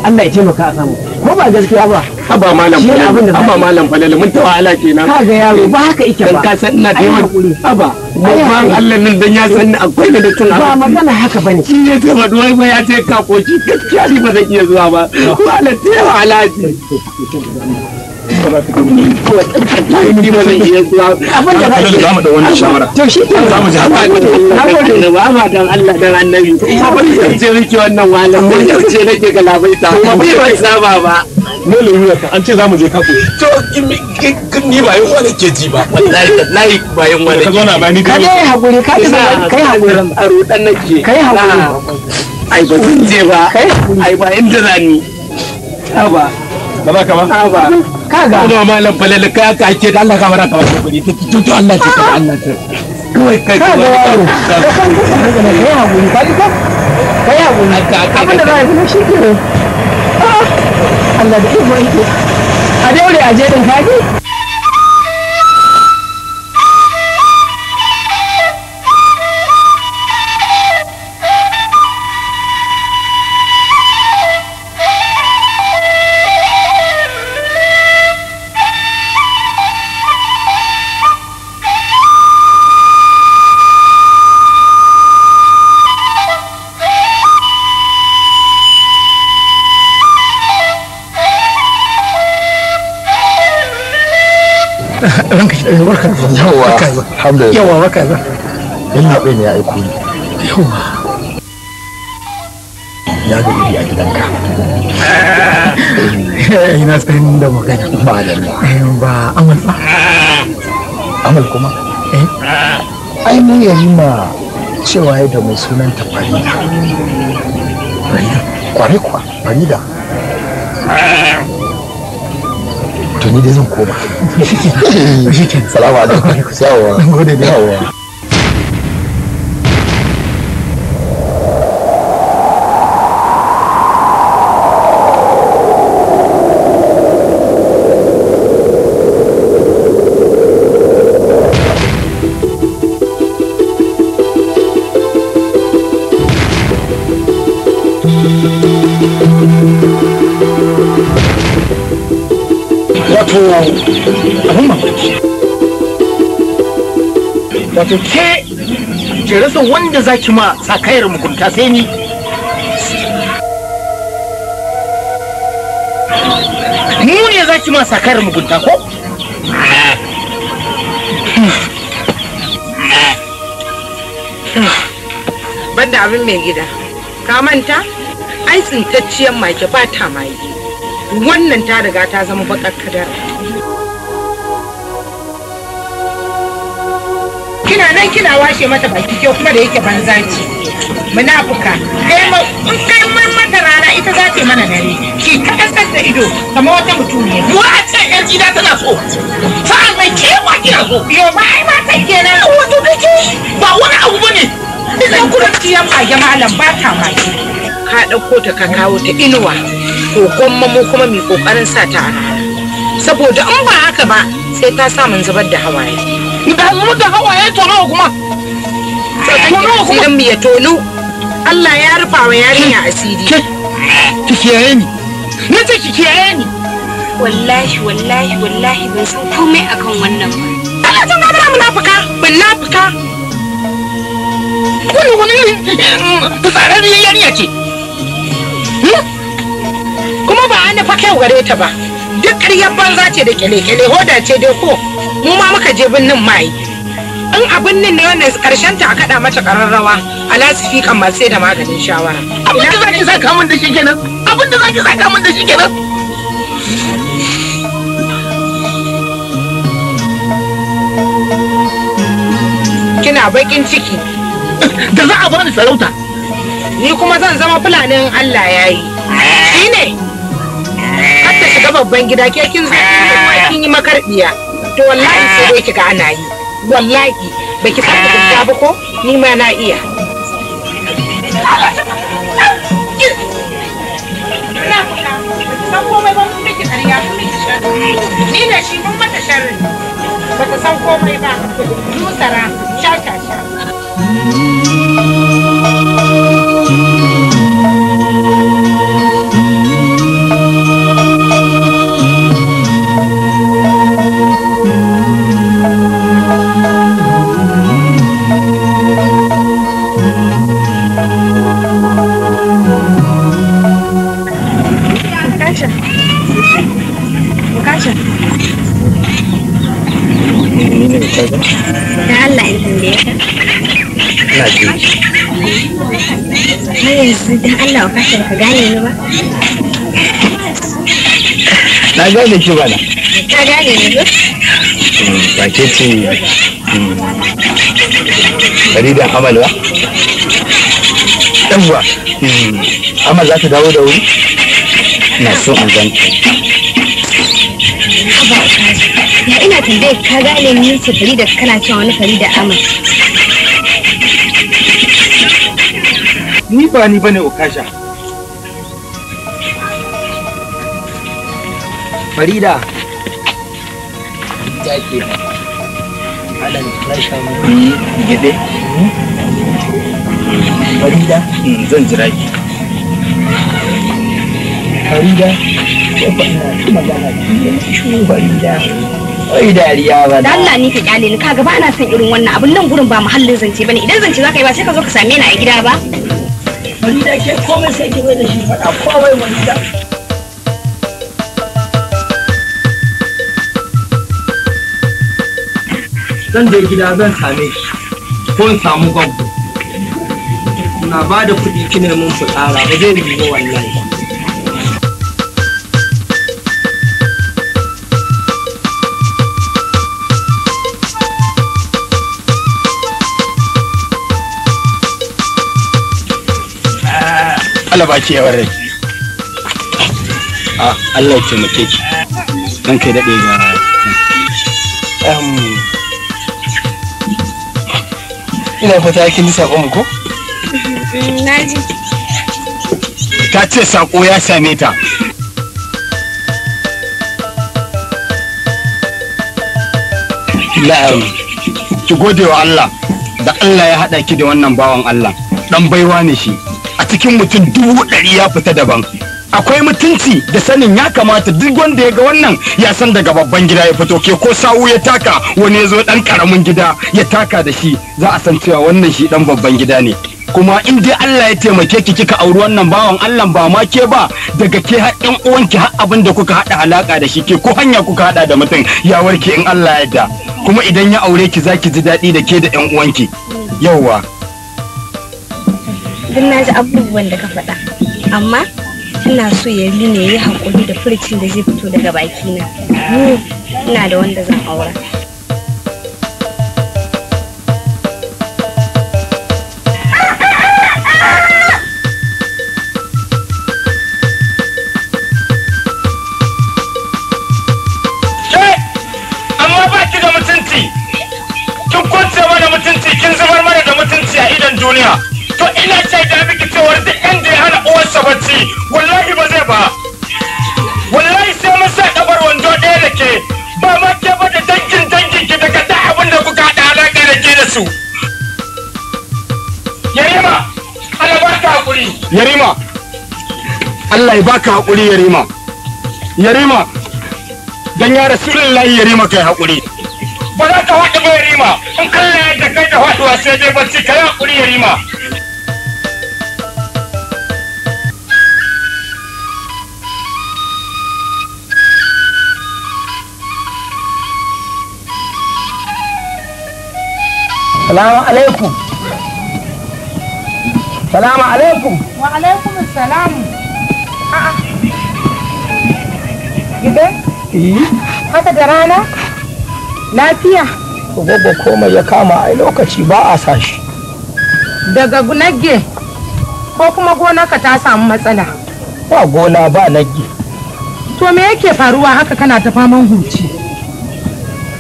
Allah ya taimaka a samu ko ba gaskiya ba haba malam falal haba malam falal mun tawa ala kenan ka ga yaro ba haka yake ba kan ka san ina da yawan haba mun ba Allah nan dan ya san akwai da tun ba magana haka bane shi ya ce ba duwai ba ya ce ka koci gaskiya ni ba zan iya zuwa ba malam tawa ala ce abin da ba na an ce za mu je to ni ba yin wani ke ji ba wallahi ba yin wani ka zauna ba ni ka ka a nake ai ba zan je ba ai ba inda ba ba ka ba ba kaga kuma malam falala kai aka ake da Allah ka bara ka wani ta to Allah ce ka Allah ce kawai kai ka ga yaro ka san ku da kai hakuri ka kai ka kai ka ka abin kai zai kai shi ke ah, Allah da iko yake a daure a je din kaji alhamdulillah yawa maka ya aiko ni yawa ya ga iri a gidanka eh, ina tsayin da magana ba da eh, ba amal ba amal kuma eh ai mun yaji ma cewa ya da mai sunan ta farida kwa farida to ni dai zan koma shi ke salamu alaikum yawa gode da yawa abin mamaki wato ke ke rasa wanda za ki ma sakayar mugunta sai ni mu ne za ki ma sakayar mugunta ko banda abin mai gida ka manta ai tsintacciyar mage ba ta mage wannan ta riga ta zama bakar kadara kina nan kina washe mata baki ke kuma da yake banza ce munafuka kai ma in kai mun mata rana ita za ta mana dare ki ta kasar da ido kamar wata mutumiya mu a ce yar gida tana so sa'an mai ke ma kina so yo ba ai ma kai kenan wato kike ba wani abu bane ina kuma ciyan mage malam ba ta mage ka dauko ta ka kawo ta inuwa to kuma mu kuma mi kokarin sa ta rana. saboda in ba haka ba sai ta sa mun zubar da hawaye da zubar da hawaye to nawa kuma asirin mu ya tono. Allah ya rufa wa yarinya asiri
ki kiyaye ni Ni ce ki kiyaye ni wallahi wallahi wallahi ban san komai akan wannan ba Allah tun gaba munafika munafika wani wani mm, fitsarar yarinya ce
hmm? kuma ba an fa kai gare ta ba duk ƙaryar banza ce da kyale-kyale hoda ce dai ko mu ma muka je birnin mai in abin nan ne wannan karshen ta a kaɗa mata ƙararrawa a kan masu da maganin shawara. Abin da zaki saka mun da shi kenan. Abin da zaki saka mun da shi kenan. Kina bakin ciki. Da za a bani sarauta. Ni kuma zan zama fulanin Allah ya yi. ka shiga babban gida ke kin zo kin yi makarbiya to wallahi sai dai kiga ana yi wallahi baki saka ta ba ko
ni ma na iya
san ni da shi mun mata sharri bata san komai ba dusara sha sha sha
ba Allah ka ba
na gane ki bana ba ba ke ce hmm. Farida hmm. Amal ba? Yawwa, hmm. Amal za ta dawo da wuri? Ina so an ganta.
ina tambaye ka gane min ce Farida kana cewa wani fari da Ahmad ni ba ni bane Okasha
Farida ya ke Alan Rasha mu gede Farida hmm, zan jira ki Farida ya ba ina magana ki Farida
Oi dariya ba. Da Allah ni ka kyale ni kaga ba na son irin wannan abun nan gurin ba muhallin zance bane idan zance zaka yi ba sai ka zo ka same ni a gida ba. Wani da ke komai sai ki da shi faɗa komai wani da.
Zan je gida zan same shi ko in samu gwamnati. Na ba da kuɗi kina mun fitsara ba zai yi ba ake yawan a ah, Allah ya muke ki dan kai daɗe ga ina fata kin ji sakon ko
mm, na ji
ta ce sako ya same ta la'am ki gode wa Allah da Allah ya haɗa ki da wannan bawan Allah dan baiwa ne shi a cikin mutum dubu ɗari ya fita daban akwai mutunci da sanin ya kamata duk wanda ya ga wannan ya san daga babban gida ya fito ke ko sawu ya taka wani ya zo dan karamin gida ya taka da shi za a san cewa wannan shi dan babban gida ne kuma in dai Allah ya taimake ki kika auri wannan bawan Allah ba ma ke ba daga ke har ɗan uwanki har abin da kuka haɗa alaka da shi ke ko hanya kuka haɗa da mutum ya warke in Allah ya da kuma idan ya aure ki zaki ji daɗi da ke da ƴan uwanki yauwa
don na ji abubuwan da ka faɗa amma ina so ya ne ya yi haƙuri da furcin da zai fito daga bakina na ina da wanda zan aura
Allah ya baka haƙuri yarima yarima dan ya rasulullahi yarima kai haƙuri ba za ka faɗi ba yarima in kalla yadda kai da a sai dai bacci kai haƙuri yarima Salamu alaikum. Salamu alaikum. Wa alaikum salamu. Gida? Eh? Haka da rana? Lafiya? Gobe komai ya kama a lokaci ba a sashi. Daga nagge ko kuma ka ta samu matsala? Ba gona ba nagge. To me yake faruwa haka kana ta faman huci?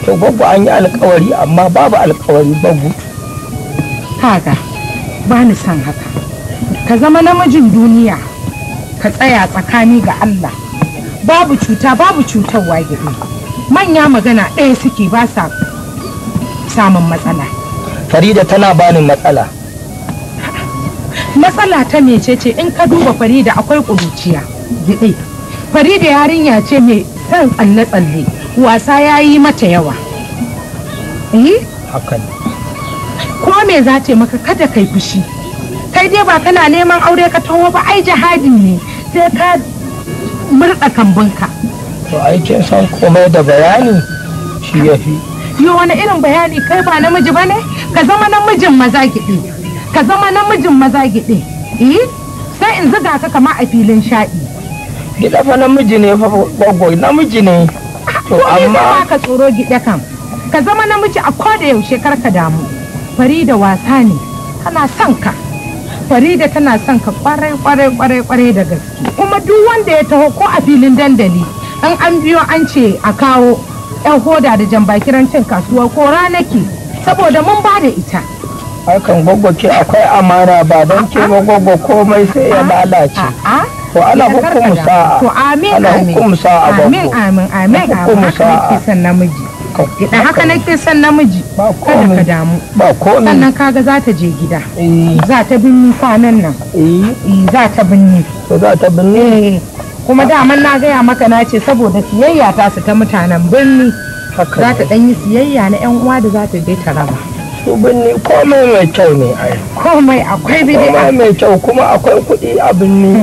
To babu an yi alkawari amma babu alkawari babu. Haka, ba ni son haka. Ka zama namijin duniya. ka tsaya tsakani ga Allah babu cuta babu cutarwa gidi manya magana ɗaya suke ba sa samun matsala farida tana bani matsala matsala ta mecece in ka duba farida akwai ƙuruciya gidi farida yarinya ce mai son tsalle-tsalle wasa ya yi mata yawa eh? ko me za ta maka kada kai fushi kai dai ba kana neman aure ka taho ba ai jihadi ne sai ka murɗa kambunka. to ai kin san komai da bayani shi ya fi yo wani irin bayani kai ba namiji ba ne ka zama namijin maza giɗi ka zama namijin maza giɗi eh sai in zuga ka kama a filin shaɗi gida fa namiji ne fa gwagwai namiji ne to amma ka tsoro gida kam ka zama namiji a koda yaushe kar ka damu fari da wasa ne kana son ka farida tana son ka kwarai kwarai kwarai kwarai da gaske kuma duk wanda ya taho ko a filin dandali an an biyo an ce a kawo yan hoda da bakiran cin kasuwa ko ranaki saboda mun ba da ita hakan gwaggo ke akwai amara ba don ke gwaggo komai sai ya lalace to ala hukumu sa'a to amin amin amin amin amin amin amin amin amin amin da haka nake son namiji kada ka damu sannan kaga za ta je gida eh. za ta binni kwanan nan eh. Eh, za ta binni za ta binni kuma daman na gaya maka na ce saboda siyayya ta su ta mutanen birni za ta dan yi siyayya na yan uwa da za ta je ta raba su binni komai mai kyau ne ai komai akwai bidi'a. komai mai kyau kuma akwai kuɗi a birni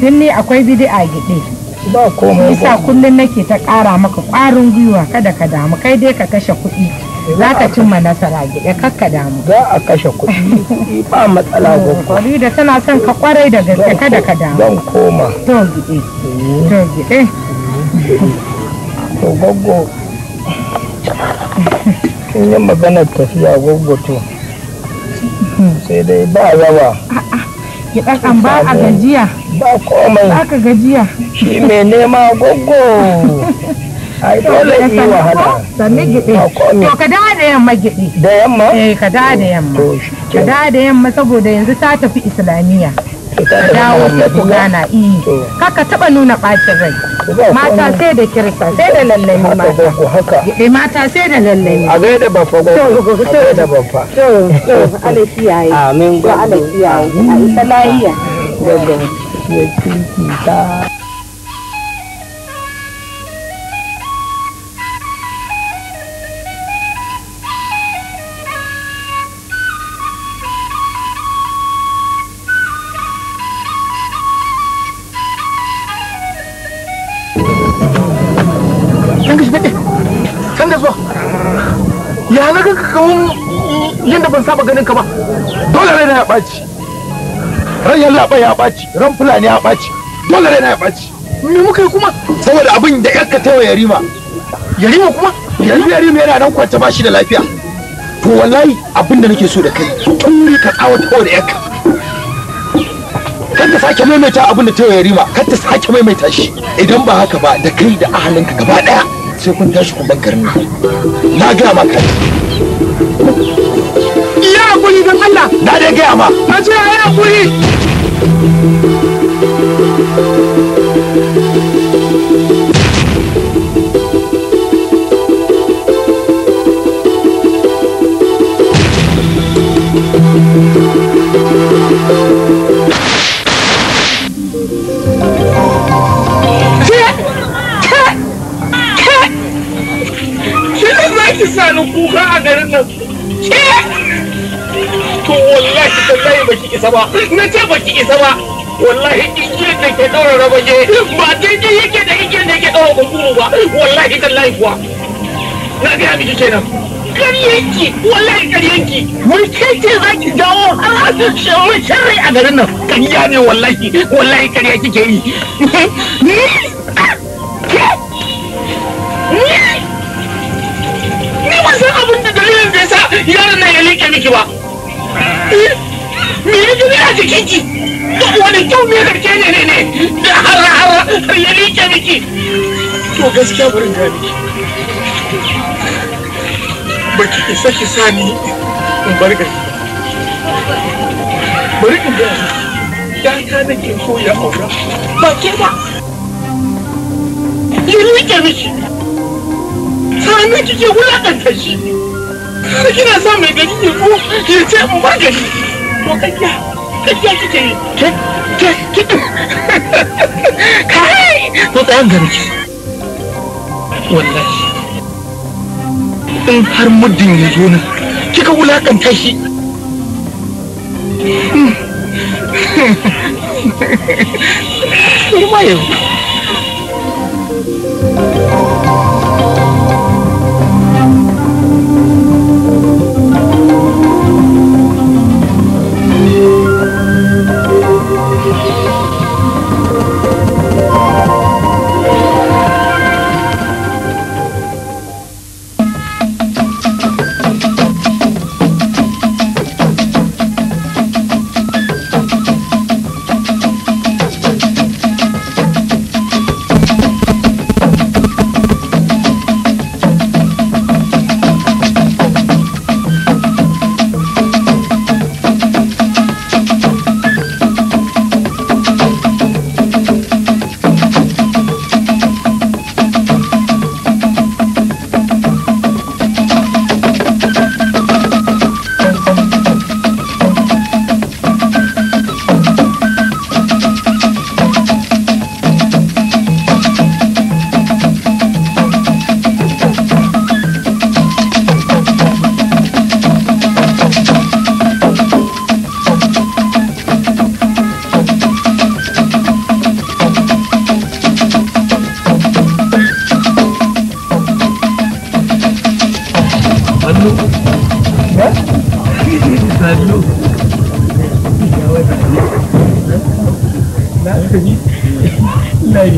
birni akwai bidi'a gidi ba komai yasa kullum nake ta ƙara maka ƙwarin gwiwa kada ka damu kai dai ka kashe kuɗi za ka cimma nasara gida kar ka damu za a kashe kuɗi ba matsala ba kwari da tana son ka kwarai da gaske kada ka damu zan koma to gide to gide to gogo kin yi magana tafiya gogo to sai dai ba yawa ah, ya ɗan ba a gajiya ba komai ba ka gajiya shi mai nema gogo ai dole yi wahala sannan gidi to ka dawo da yamma gidi da yamma eh ka dawo da yamma ka dawo da yamma saboda yanzu ta tafi islamiyya ka dawo sai ku gana iyi eh. kaka taba nuna bacin rai mata sai da kirki sai da lallai mata eh, mata sai da lallai a gaida da gogo a gaida baffa to Allah kiyaye amin gogo Allah kiyaye a isa gogo ya ta ban saba ganin ka ba dole raina ya ɓaci ran yan laɓa ya ɓaci ran fulani ya ɓaci dole raina ya ɓaci me muka yi kuma saboda abin da yarka ta wa yarima yarima kuma yarima yarima yana nan kwance ba shi da lafiya to wallahi abin da nake so da kai tun wuri ka kawo ta da yarka kar ta sake maimaita abin da ta yi yarima, kar ta sake maimaita shi idan ba haka ba da kai da ahalinka gaba daya sai kun tashi kun bankarin na gaya maka na dai gaya ma na a yi isa ba na ce baki isa ba wallahi igiyar da ke ɗaura rabaje ba daidai yake da igiyar da ke ɗaura kunkuru ba wallahi tallahi kuwa na gaya miki kenan karyanki wallahi karyanki wai kai ce za ki jawo har wai sharri a garin nan karya ne wallahi wallahi karya kike yi ni ban san abin da dalilin da sa yaron nan ya liƙe miki ba a jikin ki wani kyau ne da ke ne ne da har har har ya rike miki to gaskiya bari ga miki ba ki isa ki sa in bar gari bari in ga dan ka da ke so ya aura ba ke ba ya rike miki sannan kike wulakanta shi kina sa mai gari ya ko ya ce in bar gari to kai gaskiya kike wallahi in har muddin ya zo nan kika wulakanta shi Irma yau.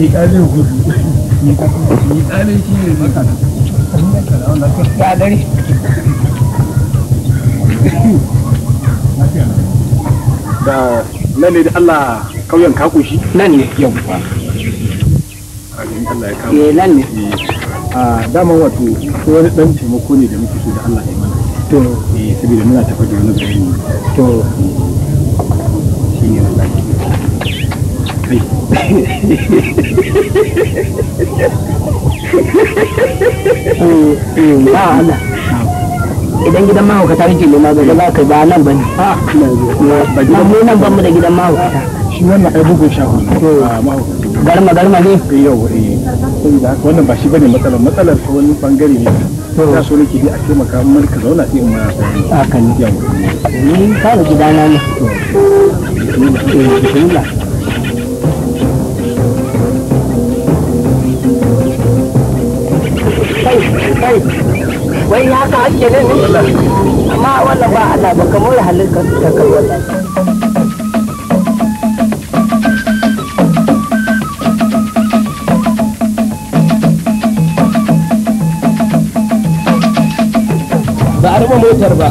miƙalin gudu miƙalin shi ne maka da nan ne da Allah kauyen kaku shi nan ne yau ba ne nan ne a dama wato wani dan taimako ne da muke so da Allah ya mana to eh saboda muna tafi da wani to tafi idan gidan mahaukata kake nema ba za ka ba nan ah, ba ne ba mu nan ba mu da gidan mahaukata shi wannan ai bugun shafa ah, garma garma ne yau eh saboda wannan ba shi bane matsalar matsalar ta wani bangare ne ya so nake dai a taimaka mun ka zauna sai mu A ne yau ni ka gidana ne to kai wai ya ka ake ne ne amma wannan ba Allah ba kamar halittar ka kai wallahi ba a rama motar ba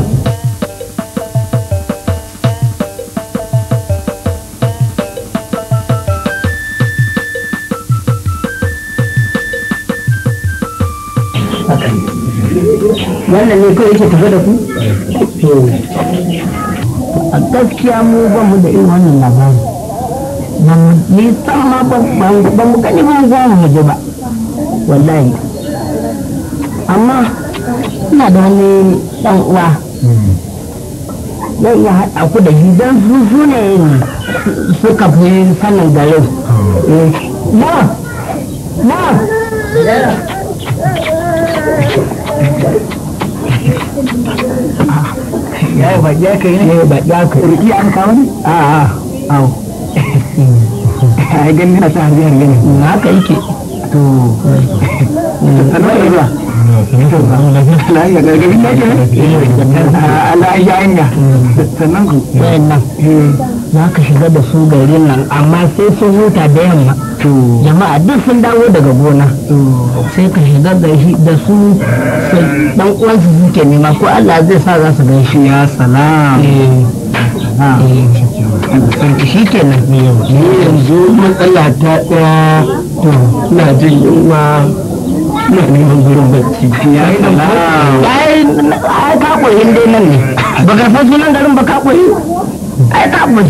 wannan ne kawai yake tafi da ku a gaskiya mu ba mu da irin wannan labari ba mu ma sama ba mu gani ba za mu ji ba wallahi amma ina da wani dan uwa zai iya haɗa ku da shi don su su ne suka fi sanin garin na eh, na ya yi baki aka yi ne ya yi baki aka yi rukiya aka kawo ne a a au ai ganin sa harbi harbi ne haka yake to zuwa lafiya gargabi ne ke alayya inda hmm. sannan ku Ya hmm. ka shiga da su garin nan amma sai sun huta da yamma jama'a duk sun dawo daga gona sai ka shiga gaishe da su dan uwansu suke nema ko Allah zai sa za su gaishe ya salam eh. eh. shi yanzu matsala ta ɗaya na jin yunwa na neman gurin bacci ya salam ka koyi dai nan ne ba garin ba ka koyi ai ta mu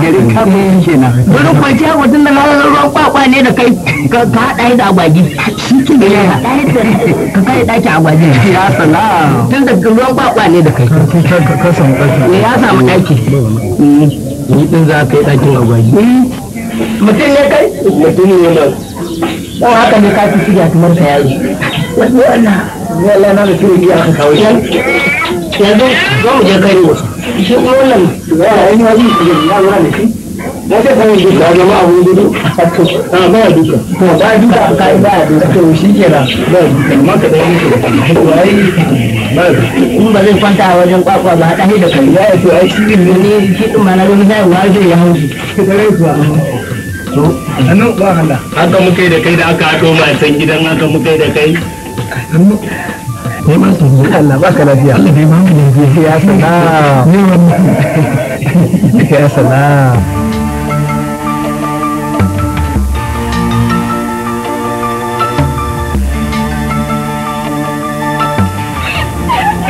garin ka mu kenan gurin kwanciya mutum da lalata ruwan kwakwa ne da kai ka haɗa da agwagi shi ke ne eh, ka kai ɗaki agwagi ya salam tun da ruwan kwakwa ne da kai ka samu ɗaki eh, ya samu ɗaki eh. ni din za ka yi ɗakin agwagi mutum ne kai mutum ne nan dan haka ne ka fi shiga kamar ka yayi wallahi wallahi na da shiri ya ka kawo yanzu zo mu je kai ne wasu shi kuma wannan ya yi wani kujin ya lura da shi na ce kawai duka ya zama abun gudu a baya duka baya duka a kayi baya duka to shi ke na baya duka amma ka ɗaya musu da kuma ba zai kwanta a wajen kwakwa ba haɗa da kai ya yi to ai shi ne ne shi ɗin ma na zama zai wa zai ya hausu haka muka yi da kai da aka haɗo ma san gidan haka muka yi da kai ne ma su biya Allah baka lafiya Allah ne ma lafiya ya salam ne
ma ya
salam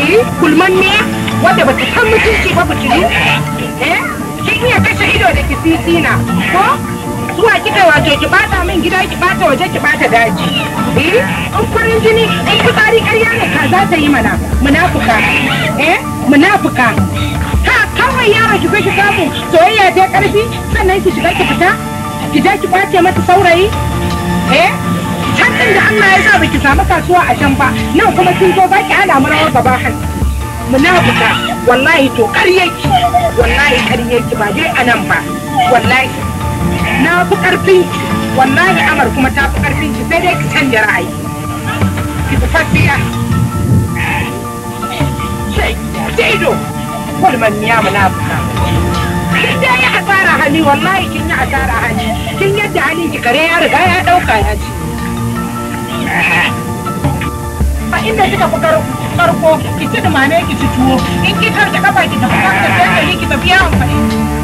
eh, kulman ne wadda ba ta san mutunci ba butulu eh kin iya kashe ido da kisisi na ko zuwa kika wato ki bata min gida ki bata waje ki bata daji eh in farin jini in fitsari ƙarya ne ka za ta yi mana munafuka eh munafuka ha kawai yaro ki ki samu soyayya ta karfi sannan ki shiga ki fita ki je ki kwace mata saurayi eh tantan da Allah ya sa ki samu kasuwa a can ba nan kuma kin zo ba ki ana mu rawar gabahan munafuka wallahi to ƙaryaki wallahi ƙaryaki ba dai anan ba wallahi na fi karfin ki wallahi amar kuma ta fi karfin ki sai dai ki canja ra'ayi ki fi fasiya ido kulman niya munafuka kin dai ya asara hali wallahi kin yi asara hali kin yadda hali ki kare ya riga ya dauka ya ci a inda kika fi farko ki ci dumane ki ci tuwo in ki karke kafa ki tafi ka sai ki tafi yawon fahimta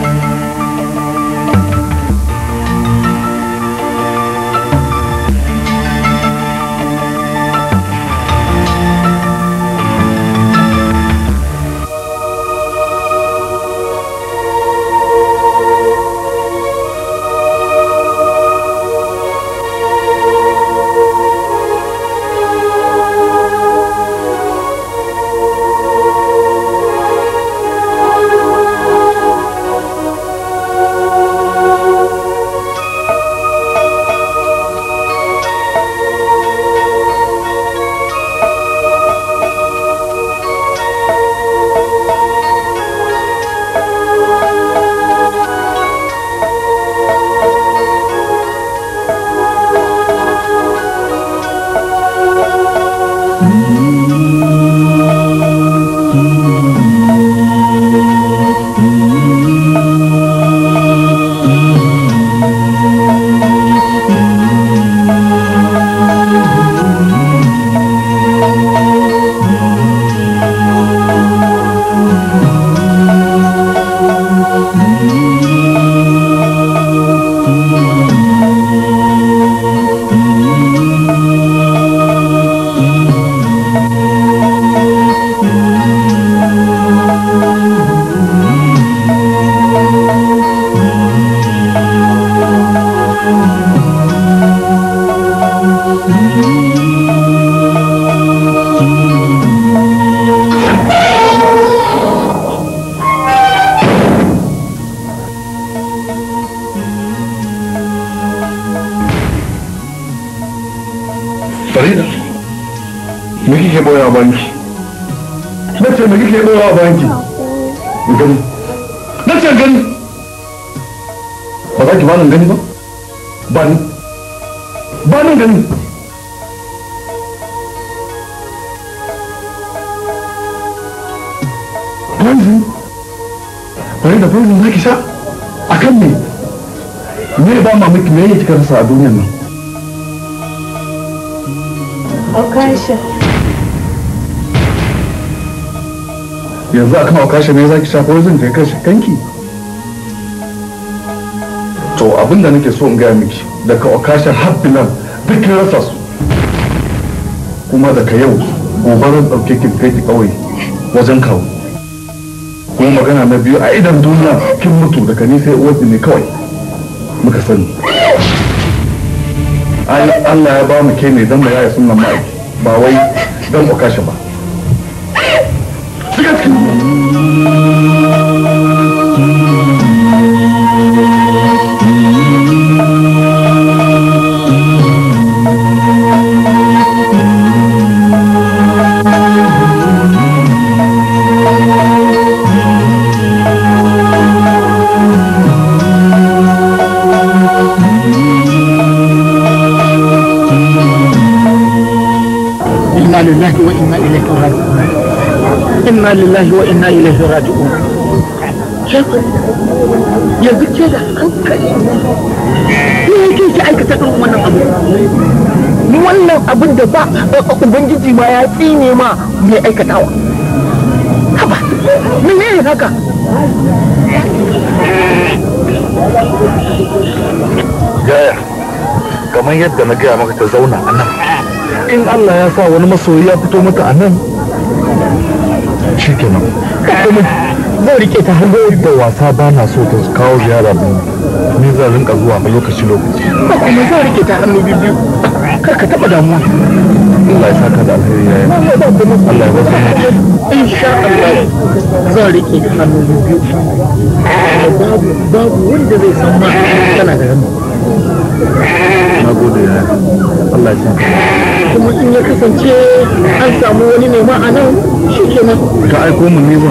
ka rasa a duniyan nan okasha yanzu akan okasha ne za ki shafa wajen da ya kashe kanki to abin da nake so in gaya miki daga okasha har filan duk rasa su kuma daga yau gobe zan ɗauke ki kai ki kawai wajen kawo kuma magana na biyu a idan duniya kin mutu daga ni sai uwarki ne kawai muka sani Allah ya ba mu ke ne don mu yaya sunan ma'aiki ba wai don mu kashe ba inna lillahi wa inna ilaihi raji'un yanzu ce da hankali ne yake ki aikata irin wannan abu ni wannan abin da ba ubangiji ma ya tsine ma mai aikatawa haba menene haka gaya kamar yadda na gaya maka ta zauna a nan in allah ya sa wani masoyi ya fito mata a nan shi kenan zai rike ta har da wasa ba na so ta kawo ziyara ba ni zan rinka zuwa a lokaci lokaci ba kuma zan rike ta hannu biyu kar ka taba damuwa Allah ya saka da alheri yayi Allah ya wasu insha Allah zan rike ta hannu biyu babu wanda zai san ma tana da hannu na ya Allah ya kuma in ya kasance an samu wani mai ma'anan shi kenan ka aiko mu ne ba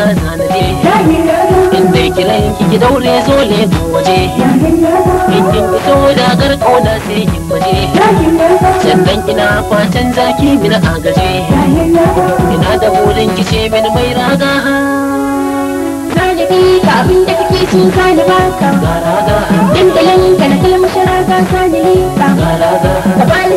matukar kiran ki daure zo ne zo waje in kin da sai kin sannan fatan min ina da burin ki ce min mai raga ka abin da kake so ka ni baka Dandalin ka na kalmar sharaga ka ni ka Ka bani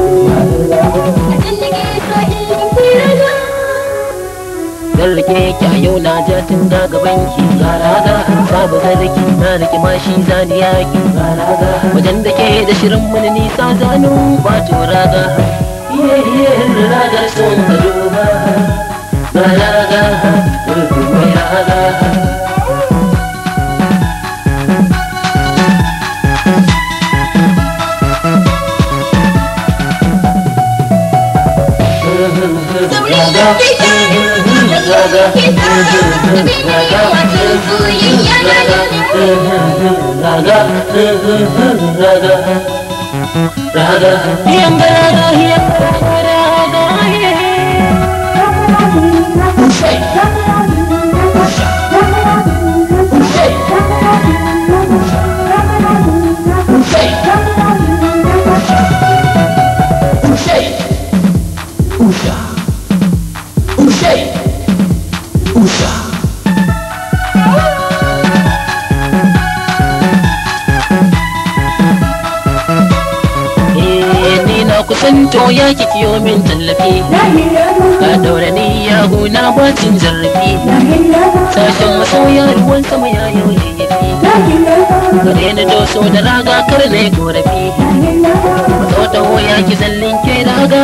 zan rike ki a yau na ja tun da gaban ki gara ga babu sarki na rike mashi zani yaki gara ga wajen da ke da shirin mun nisa zanu ba to raga iye iye raga son ka duba gara
ga rubu raga Yeah. Shake! kusan
eh, kusanto ya kiyo min tallafi ka daura ni ya huna bacin zarrafi sashen masoya
ruwan sama ya yau yayyafi
ka daina doso da raga kar na yi korafi ya ki zallin ke raga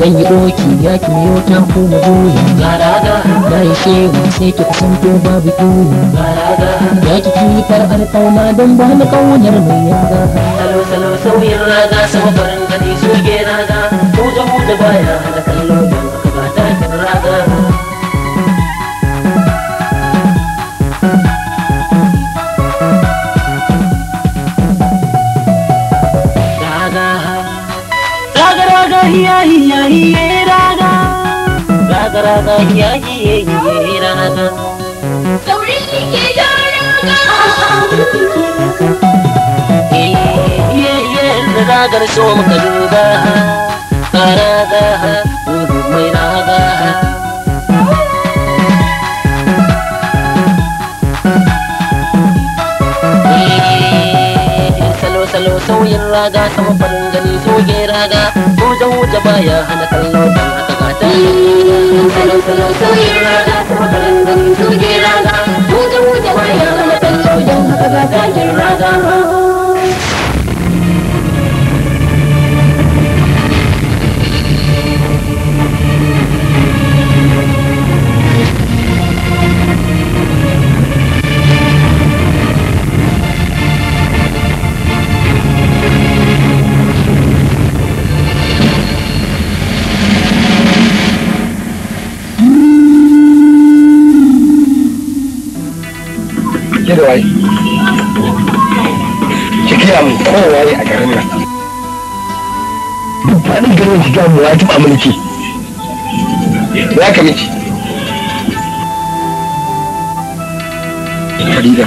zai yi doki ya ki miyo ta kuma goyi Na yi shewa sai ki to babu ɗoyi ya ki kifar alƙauna don ba ni ƙaunar mai yaga salo salo sauyin raga sama farin gani soge raga huja huja baya da kallon don aka ba ta takin raga hiya hiya hiye raga raga raga hiya hiye hiye raga
saurin ke
ragar so muka duba raga mai raga sauyin raga ta mafarin gani soge raga sojan wuce baya hana kallon kan haka gata sauyin raga ta mafarin gani
soge raga sojan wuce baya hana kallon kan haka gata raga ke
da min kowa ne a garin nan duk faɗin garin ki gaya mu ya taɓa mulki ya ka miki Farida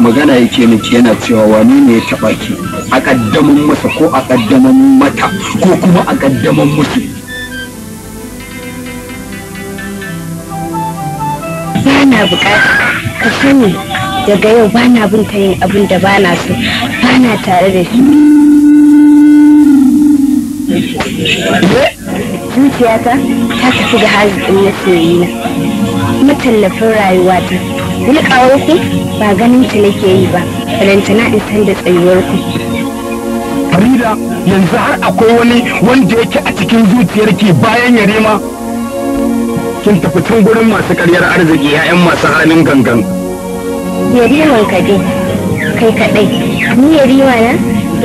magana yake miki yana cewa wani ne ya taba ki a ƙaddamin masa ko a ƙaddamin mata ko kuma a ƙaddamin musu
Bana buƙatar sani daga yau ba na bin ta yin abin da ba na so ba na tare da shi zuciyata ta tafi da haziƙin na, matallafin rayuwata ku ba ganin ta nake yi ba balantana na san da tsayuwarku
farida yanzu har akwai wani wanda yake a cikin zuciyarki bayan yarima kin tafi tun gurin masu karyar arziki 'ya'yan masu halin gangan
yariman ka dai kai kaɗai ni yarima na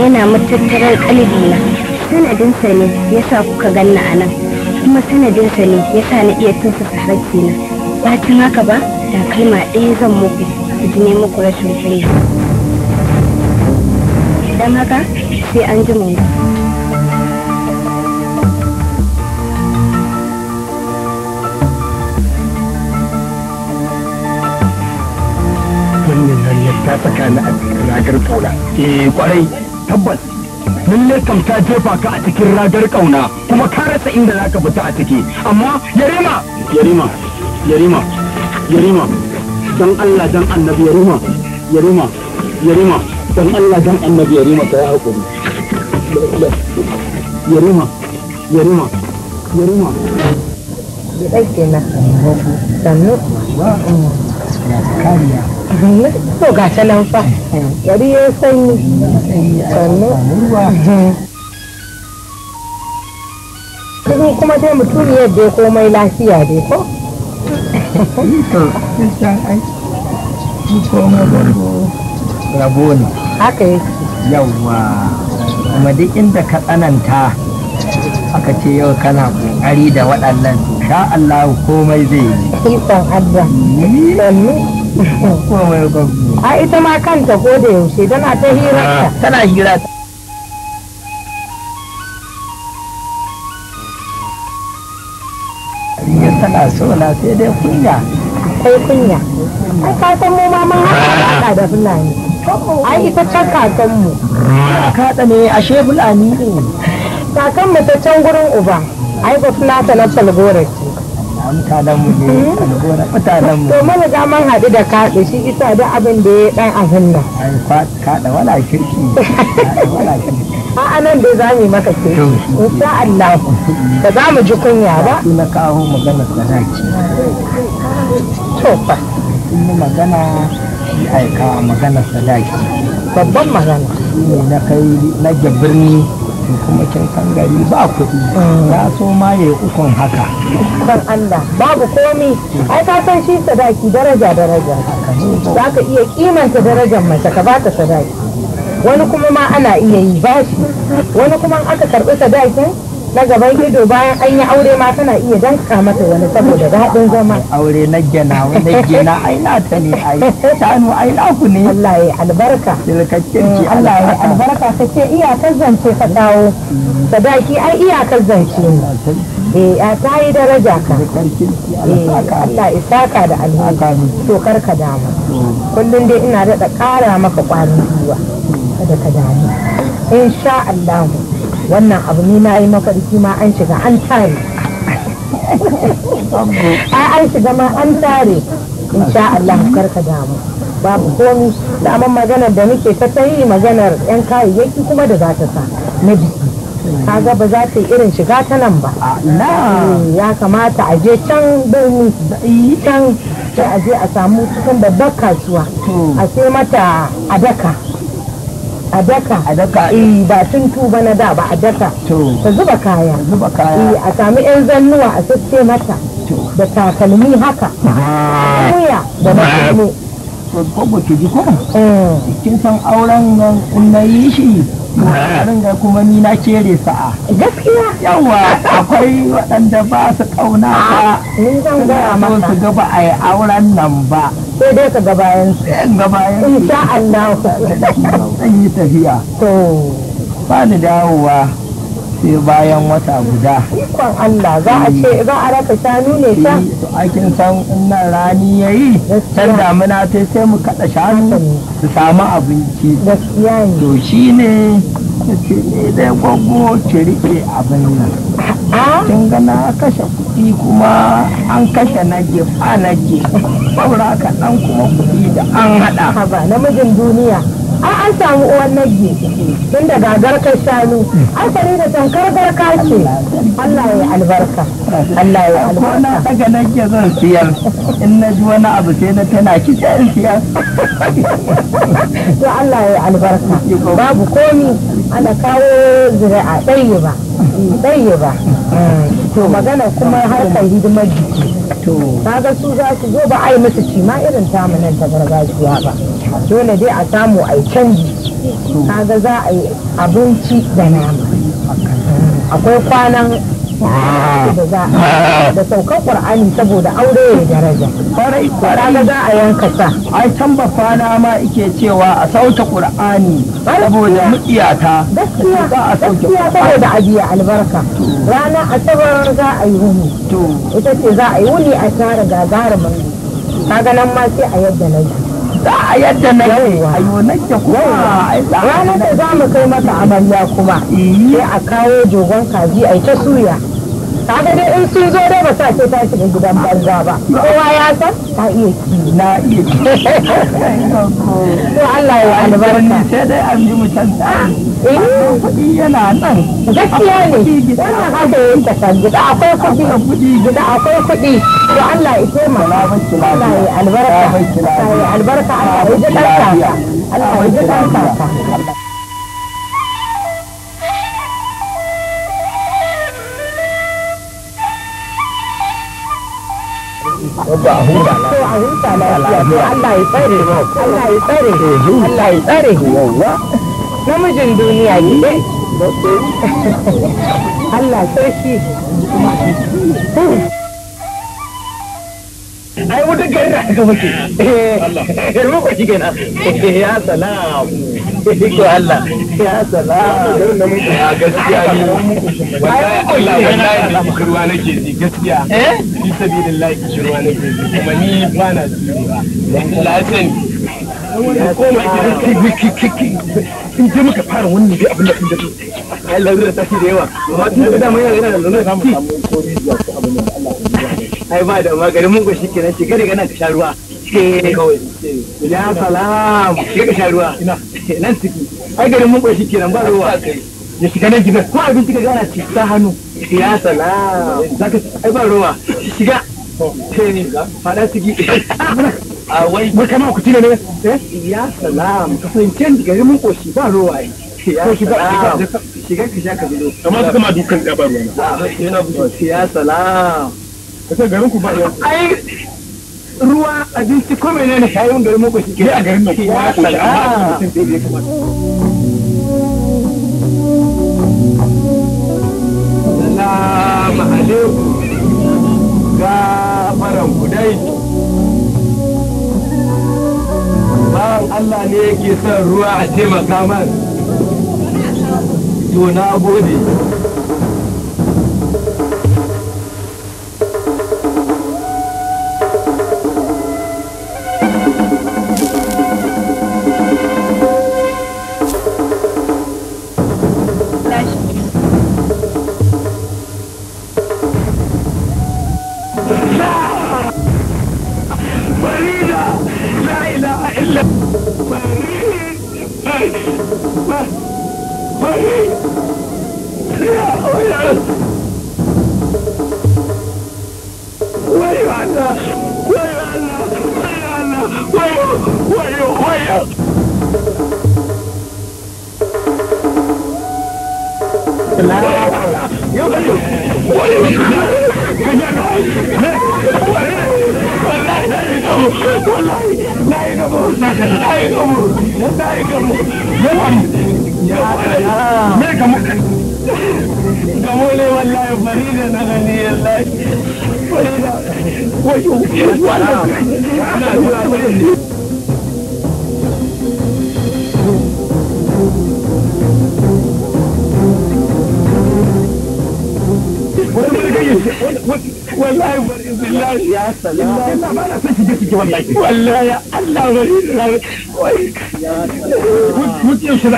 yana matattarar kalbi na sa ne ya sa kuka ganna a nan kuma sa ne ya sa na iya tunsa sarki na bacin haka ba da kalma ɗaya zan muku ji ne muku rashin kunya dan haka sai an ji mu
ta saka ni a ragar kauna eh kwarai tabbas lalle kam ta jefa ka a cikin ragar kauna kuma ka rasa inda zaka fita a ciki amma yarima yarima yarima yarima dan Allah dan annabi yarima yarima yarima dan Allah dan annabi yarima ta yi hakuri yarima yarima yarima da ɗauke na sannu kariya to ga ta nan fa gari ya sanyi sannan ruwa kuma dai mutumiyar dai komai lafiya dai ko rabo ne haka yake yawwa kuma duk inda ka tsananta aka ce yau kana kokari da waɗannan sha Allah komai zai yi san Allah a ita ma kanta ko da yaushe tana ta hira ah. tana hira tana so na sai dai kunya kai kunya ai ka san mu ma mun haɗa da fulani ai ita can kakan mu ne ashe fulani ne kakan mu ta can gurin uba ai ba fulata na talgore ce Mutanen mu ne hmm? mutanen mu. to mun ga mun haɗu da ka da shi isa da abin da ya ɗan abin nan ai kaɗa wala kirki wala kirki a anan dai za mu yi maka ke insha Allah ba za mu ji kunya ba su na kawo magana sadaki to fa in magana shi aika magana sadaki babban magana na kai na birni to kuma kin san gari ba kuɗi ya so ma ya yi ukun haka kan Allah babu komi ai ka san shi sadaki daraja daraja za ka iya kimanta darajar mace ka bata sadaki wani kuma ma ana iya yi bashi wani kuma aka karɓi sadakin na gaban ido bayan an yi aure ma tana iya danka mata wani saboda daɗin zama aure na gena na gena ai na ta ne ai shanu ai ku ne Allah ya albarka dilkaccen mm, ki Allah ya albarka ta ce iyakar zance ka kawo mm. sadaki ai iyakar zance ne eh a ta yi daraja ka eh Allah saka da alheri to karka dama kullum dai ina daɗa ƙara maka ƙwarin gwiwa kada ka damu insha Allah wannan abu ne na yi mafarki ma an shiga an tare a an shiga ma an tare sha Allah karka damu babu komi amma maganar da muke ta tayi maganar yan kayayyaki kuma da za ta sa na biki kaga ba za ta yi irin shiga ta nan ba eh, ya kamata a je can birni eh. can sai a je a samu cikin babbar kasuwa a sai mata a daka a daka a daka eh ba tun tuba na da ba a daka to ta zuba kaya zuba kaya eh a sami ɗan zannuwa a sace mata to da takalmi haka kuya da mutum ko ba ki ji ko eh kin san auren nan kun na yi shi ƙoƙarin ga kuma ni na cere sa'a. Gaskiya. Yawa akwai waɗanda ba su ƙauna ba. Ah, ni zan gaya maka. Su ga ba a yi auren nan ba. sai dai ka gabayan su gabayan su insha Allah zan yi tafiya to ba ni dawowa sai bayan wata guda ikon Allah za a ce za a raka shanu ne ta eh, to akin san nan rani yayi can damuna ta sai mu kada shanu su samu abinci gaskiya ne to shine ce ne da gwaggo ce rike abin kin ga na kashe kuɗi kuma an kashe na gefa na ge saura ka dan kuma kuɗi da an haɗa ba namijin duniya a an samu uwan nagi tun da gagarkar shanu an fari da tankar garka ce Allah ya albarka Allah ya albarka ko na daga nagi zan siyar in na ji wani abu sai na tana ki sai in siyar to Allah ya albarka babu komi ana kawo zuri'a tsaye ba tsaye ba to magana kuma harkar hidimar jiki to kaga su za su zo ba a yi musu cima irin tamunan ta gargajiya ba dole dai a samu a canji kaga za a yi abinci da nama akwai kwanan ah. da saukan ƙur'ani saboda aure ya daraja ƙwarai za a yanka sa ai can ba kwana ma ike cewa a sauta ƙur'ani saboda mutsiyata gaskiya gaskiya saboda a biya albarka rana asabar za a yi wuni ita ce za a yi wuni a tara gagarumin kaga nan ma sai a yadda na a yadda na yi ayo ke kuma ranar da za mu kai mata amarya kuma sai a kawo jogon kaji a ta suya kaga dai in sun zo dai ba sa ce ta shiga gidan banza ba kowa ya san ta iya ki na iya ki
Allah ya albarka sai dai
an ji ta ah, eh? kuɗi yana nan gaskiya ne haka ta kan gida akwai kuɗi gida akwai kuɗi to Allah ya taimaka Allah ya albarka Allah ya albarka Allah ya ji Allah ya ba a huta ya ya ya namijin duniya gide Allah sarki ai wata gari da aka muke yarmu eh, eh, ko kenan. na eh, ya salam ko Allah ya salam A gaskiya ne wallahi Allah wallahi da kirwa nake ji gaskiya fi sabilillahi kirwa nake ji kuma ni ba na tsiriwa lasin koma in muka fara wannan dai abin da kun da su ai larura ta shi da yawa amma tun da dama yana yana da larura ta ai ba da magani mun goshi kenan shiga daga nan ka sha ruwa ya salam shiga ka sha ruwa nan ciki ai garin mun goshi kenan ba ruwa ya shiga nan gidan ko abinci ka gana ci ta hannu ya salam zaka ai ba ruwa shiga fada ciki a wai mun kama ku tilo ne eh? ya salam ka san can garin mun goshi ba ruwa ko shiga shiga ka sha ka bilo kamar su kama dukan da ba ruwa ya salam kace garin ku ba ya ai ruwa abinci ko ne kai mun garin mu ko a garin nan ya sala Assalamu alaikum ga faran kudai bayan Allah ne yake son ruwa a taimaka man to na gode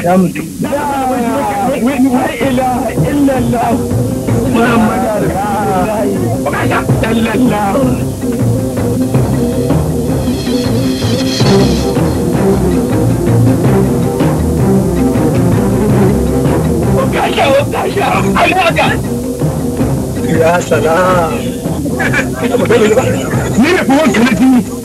الحمد لا اله الا الله محمد الا الله
يا سلام مين ابوك هنا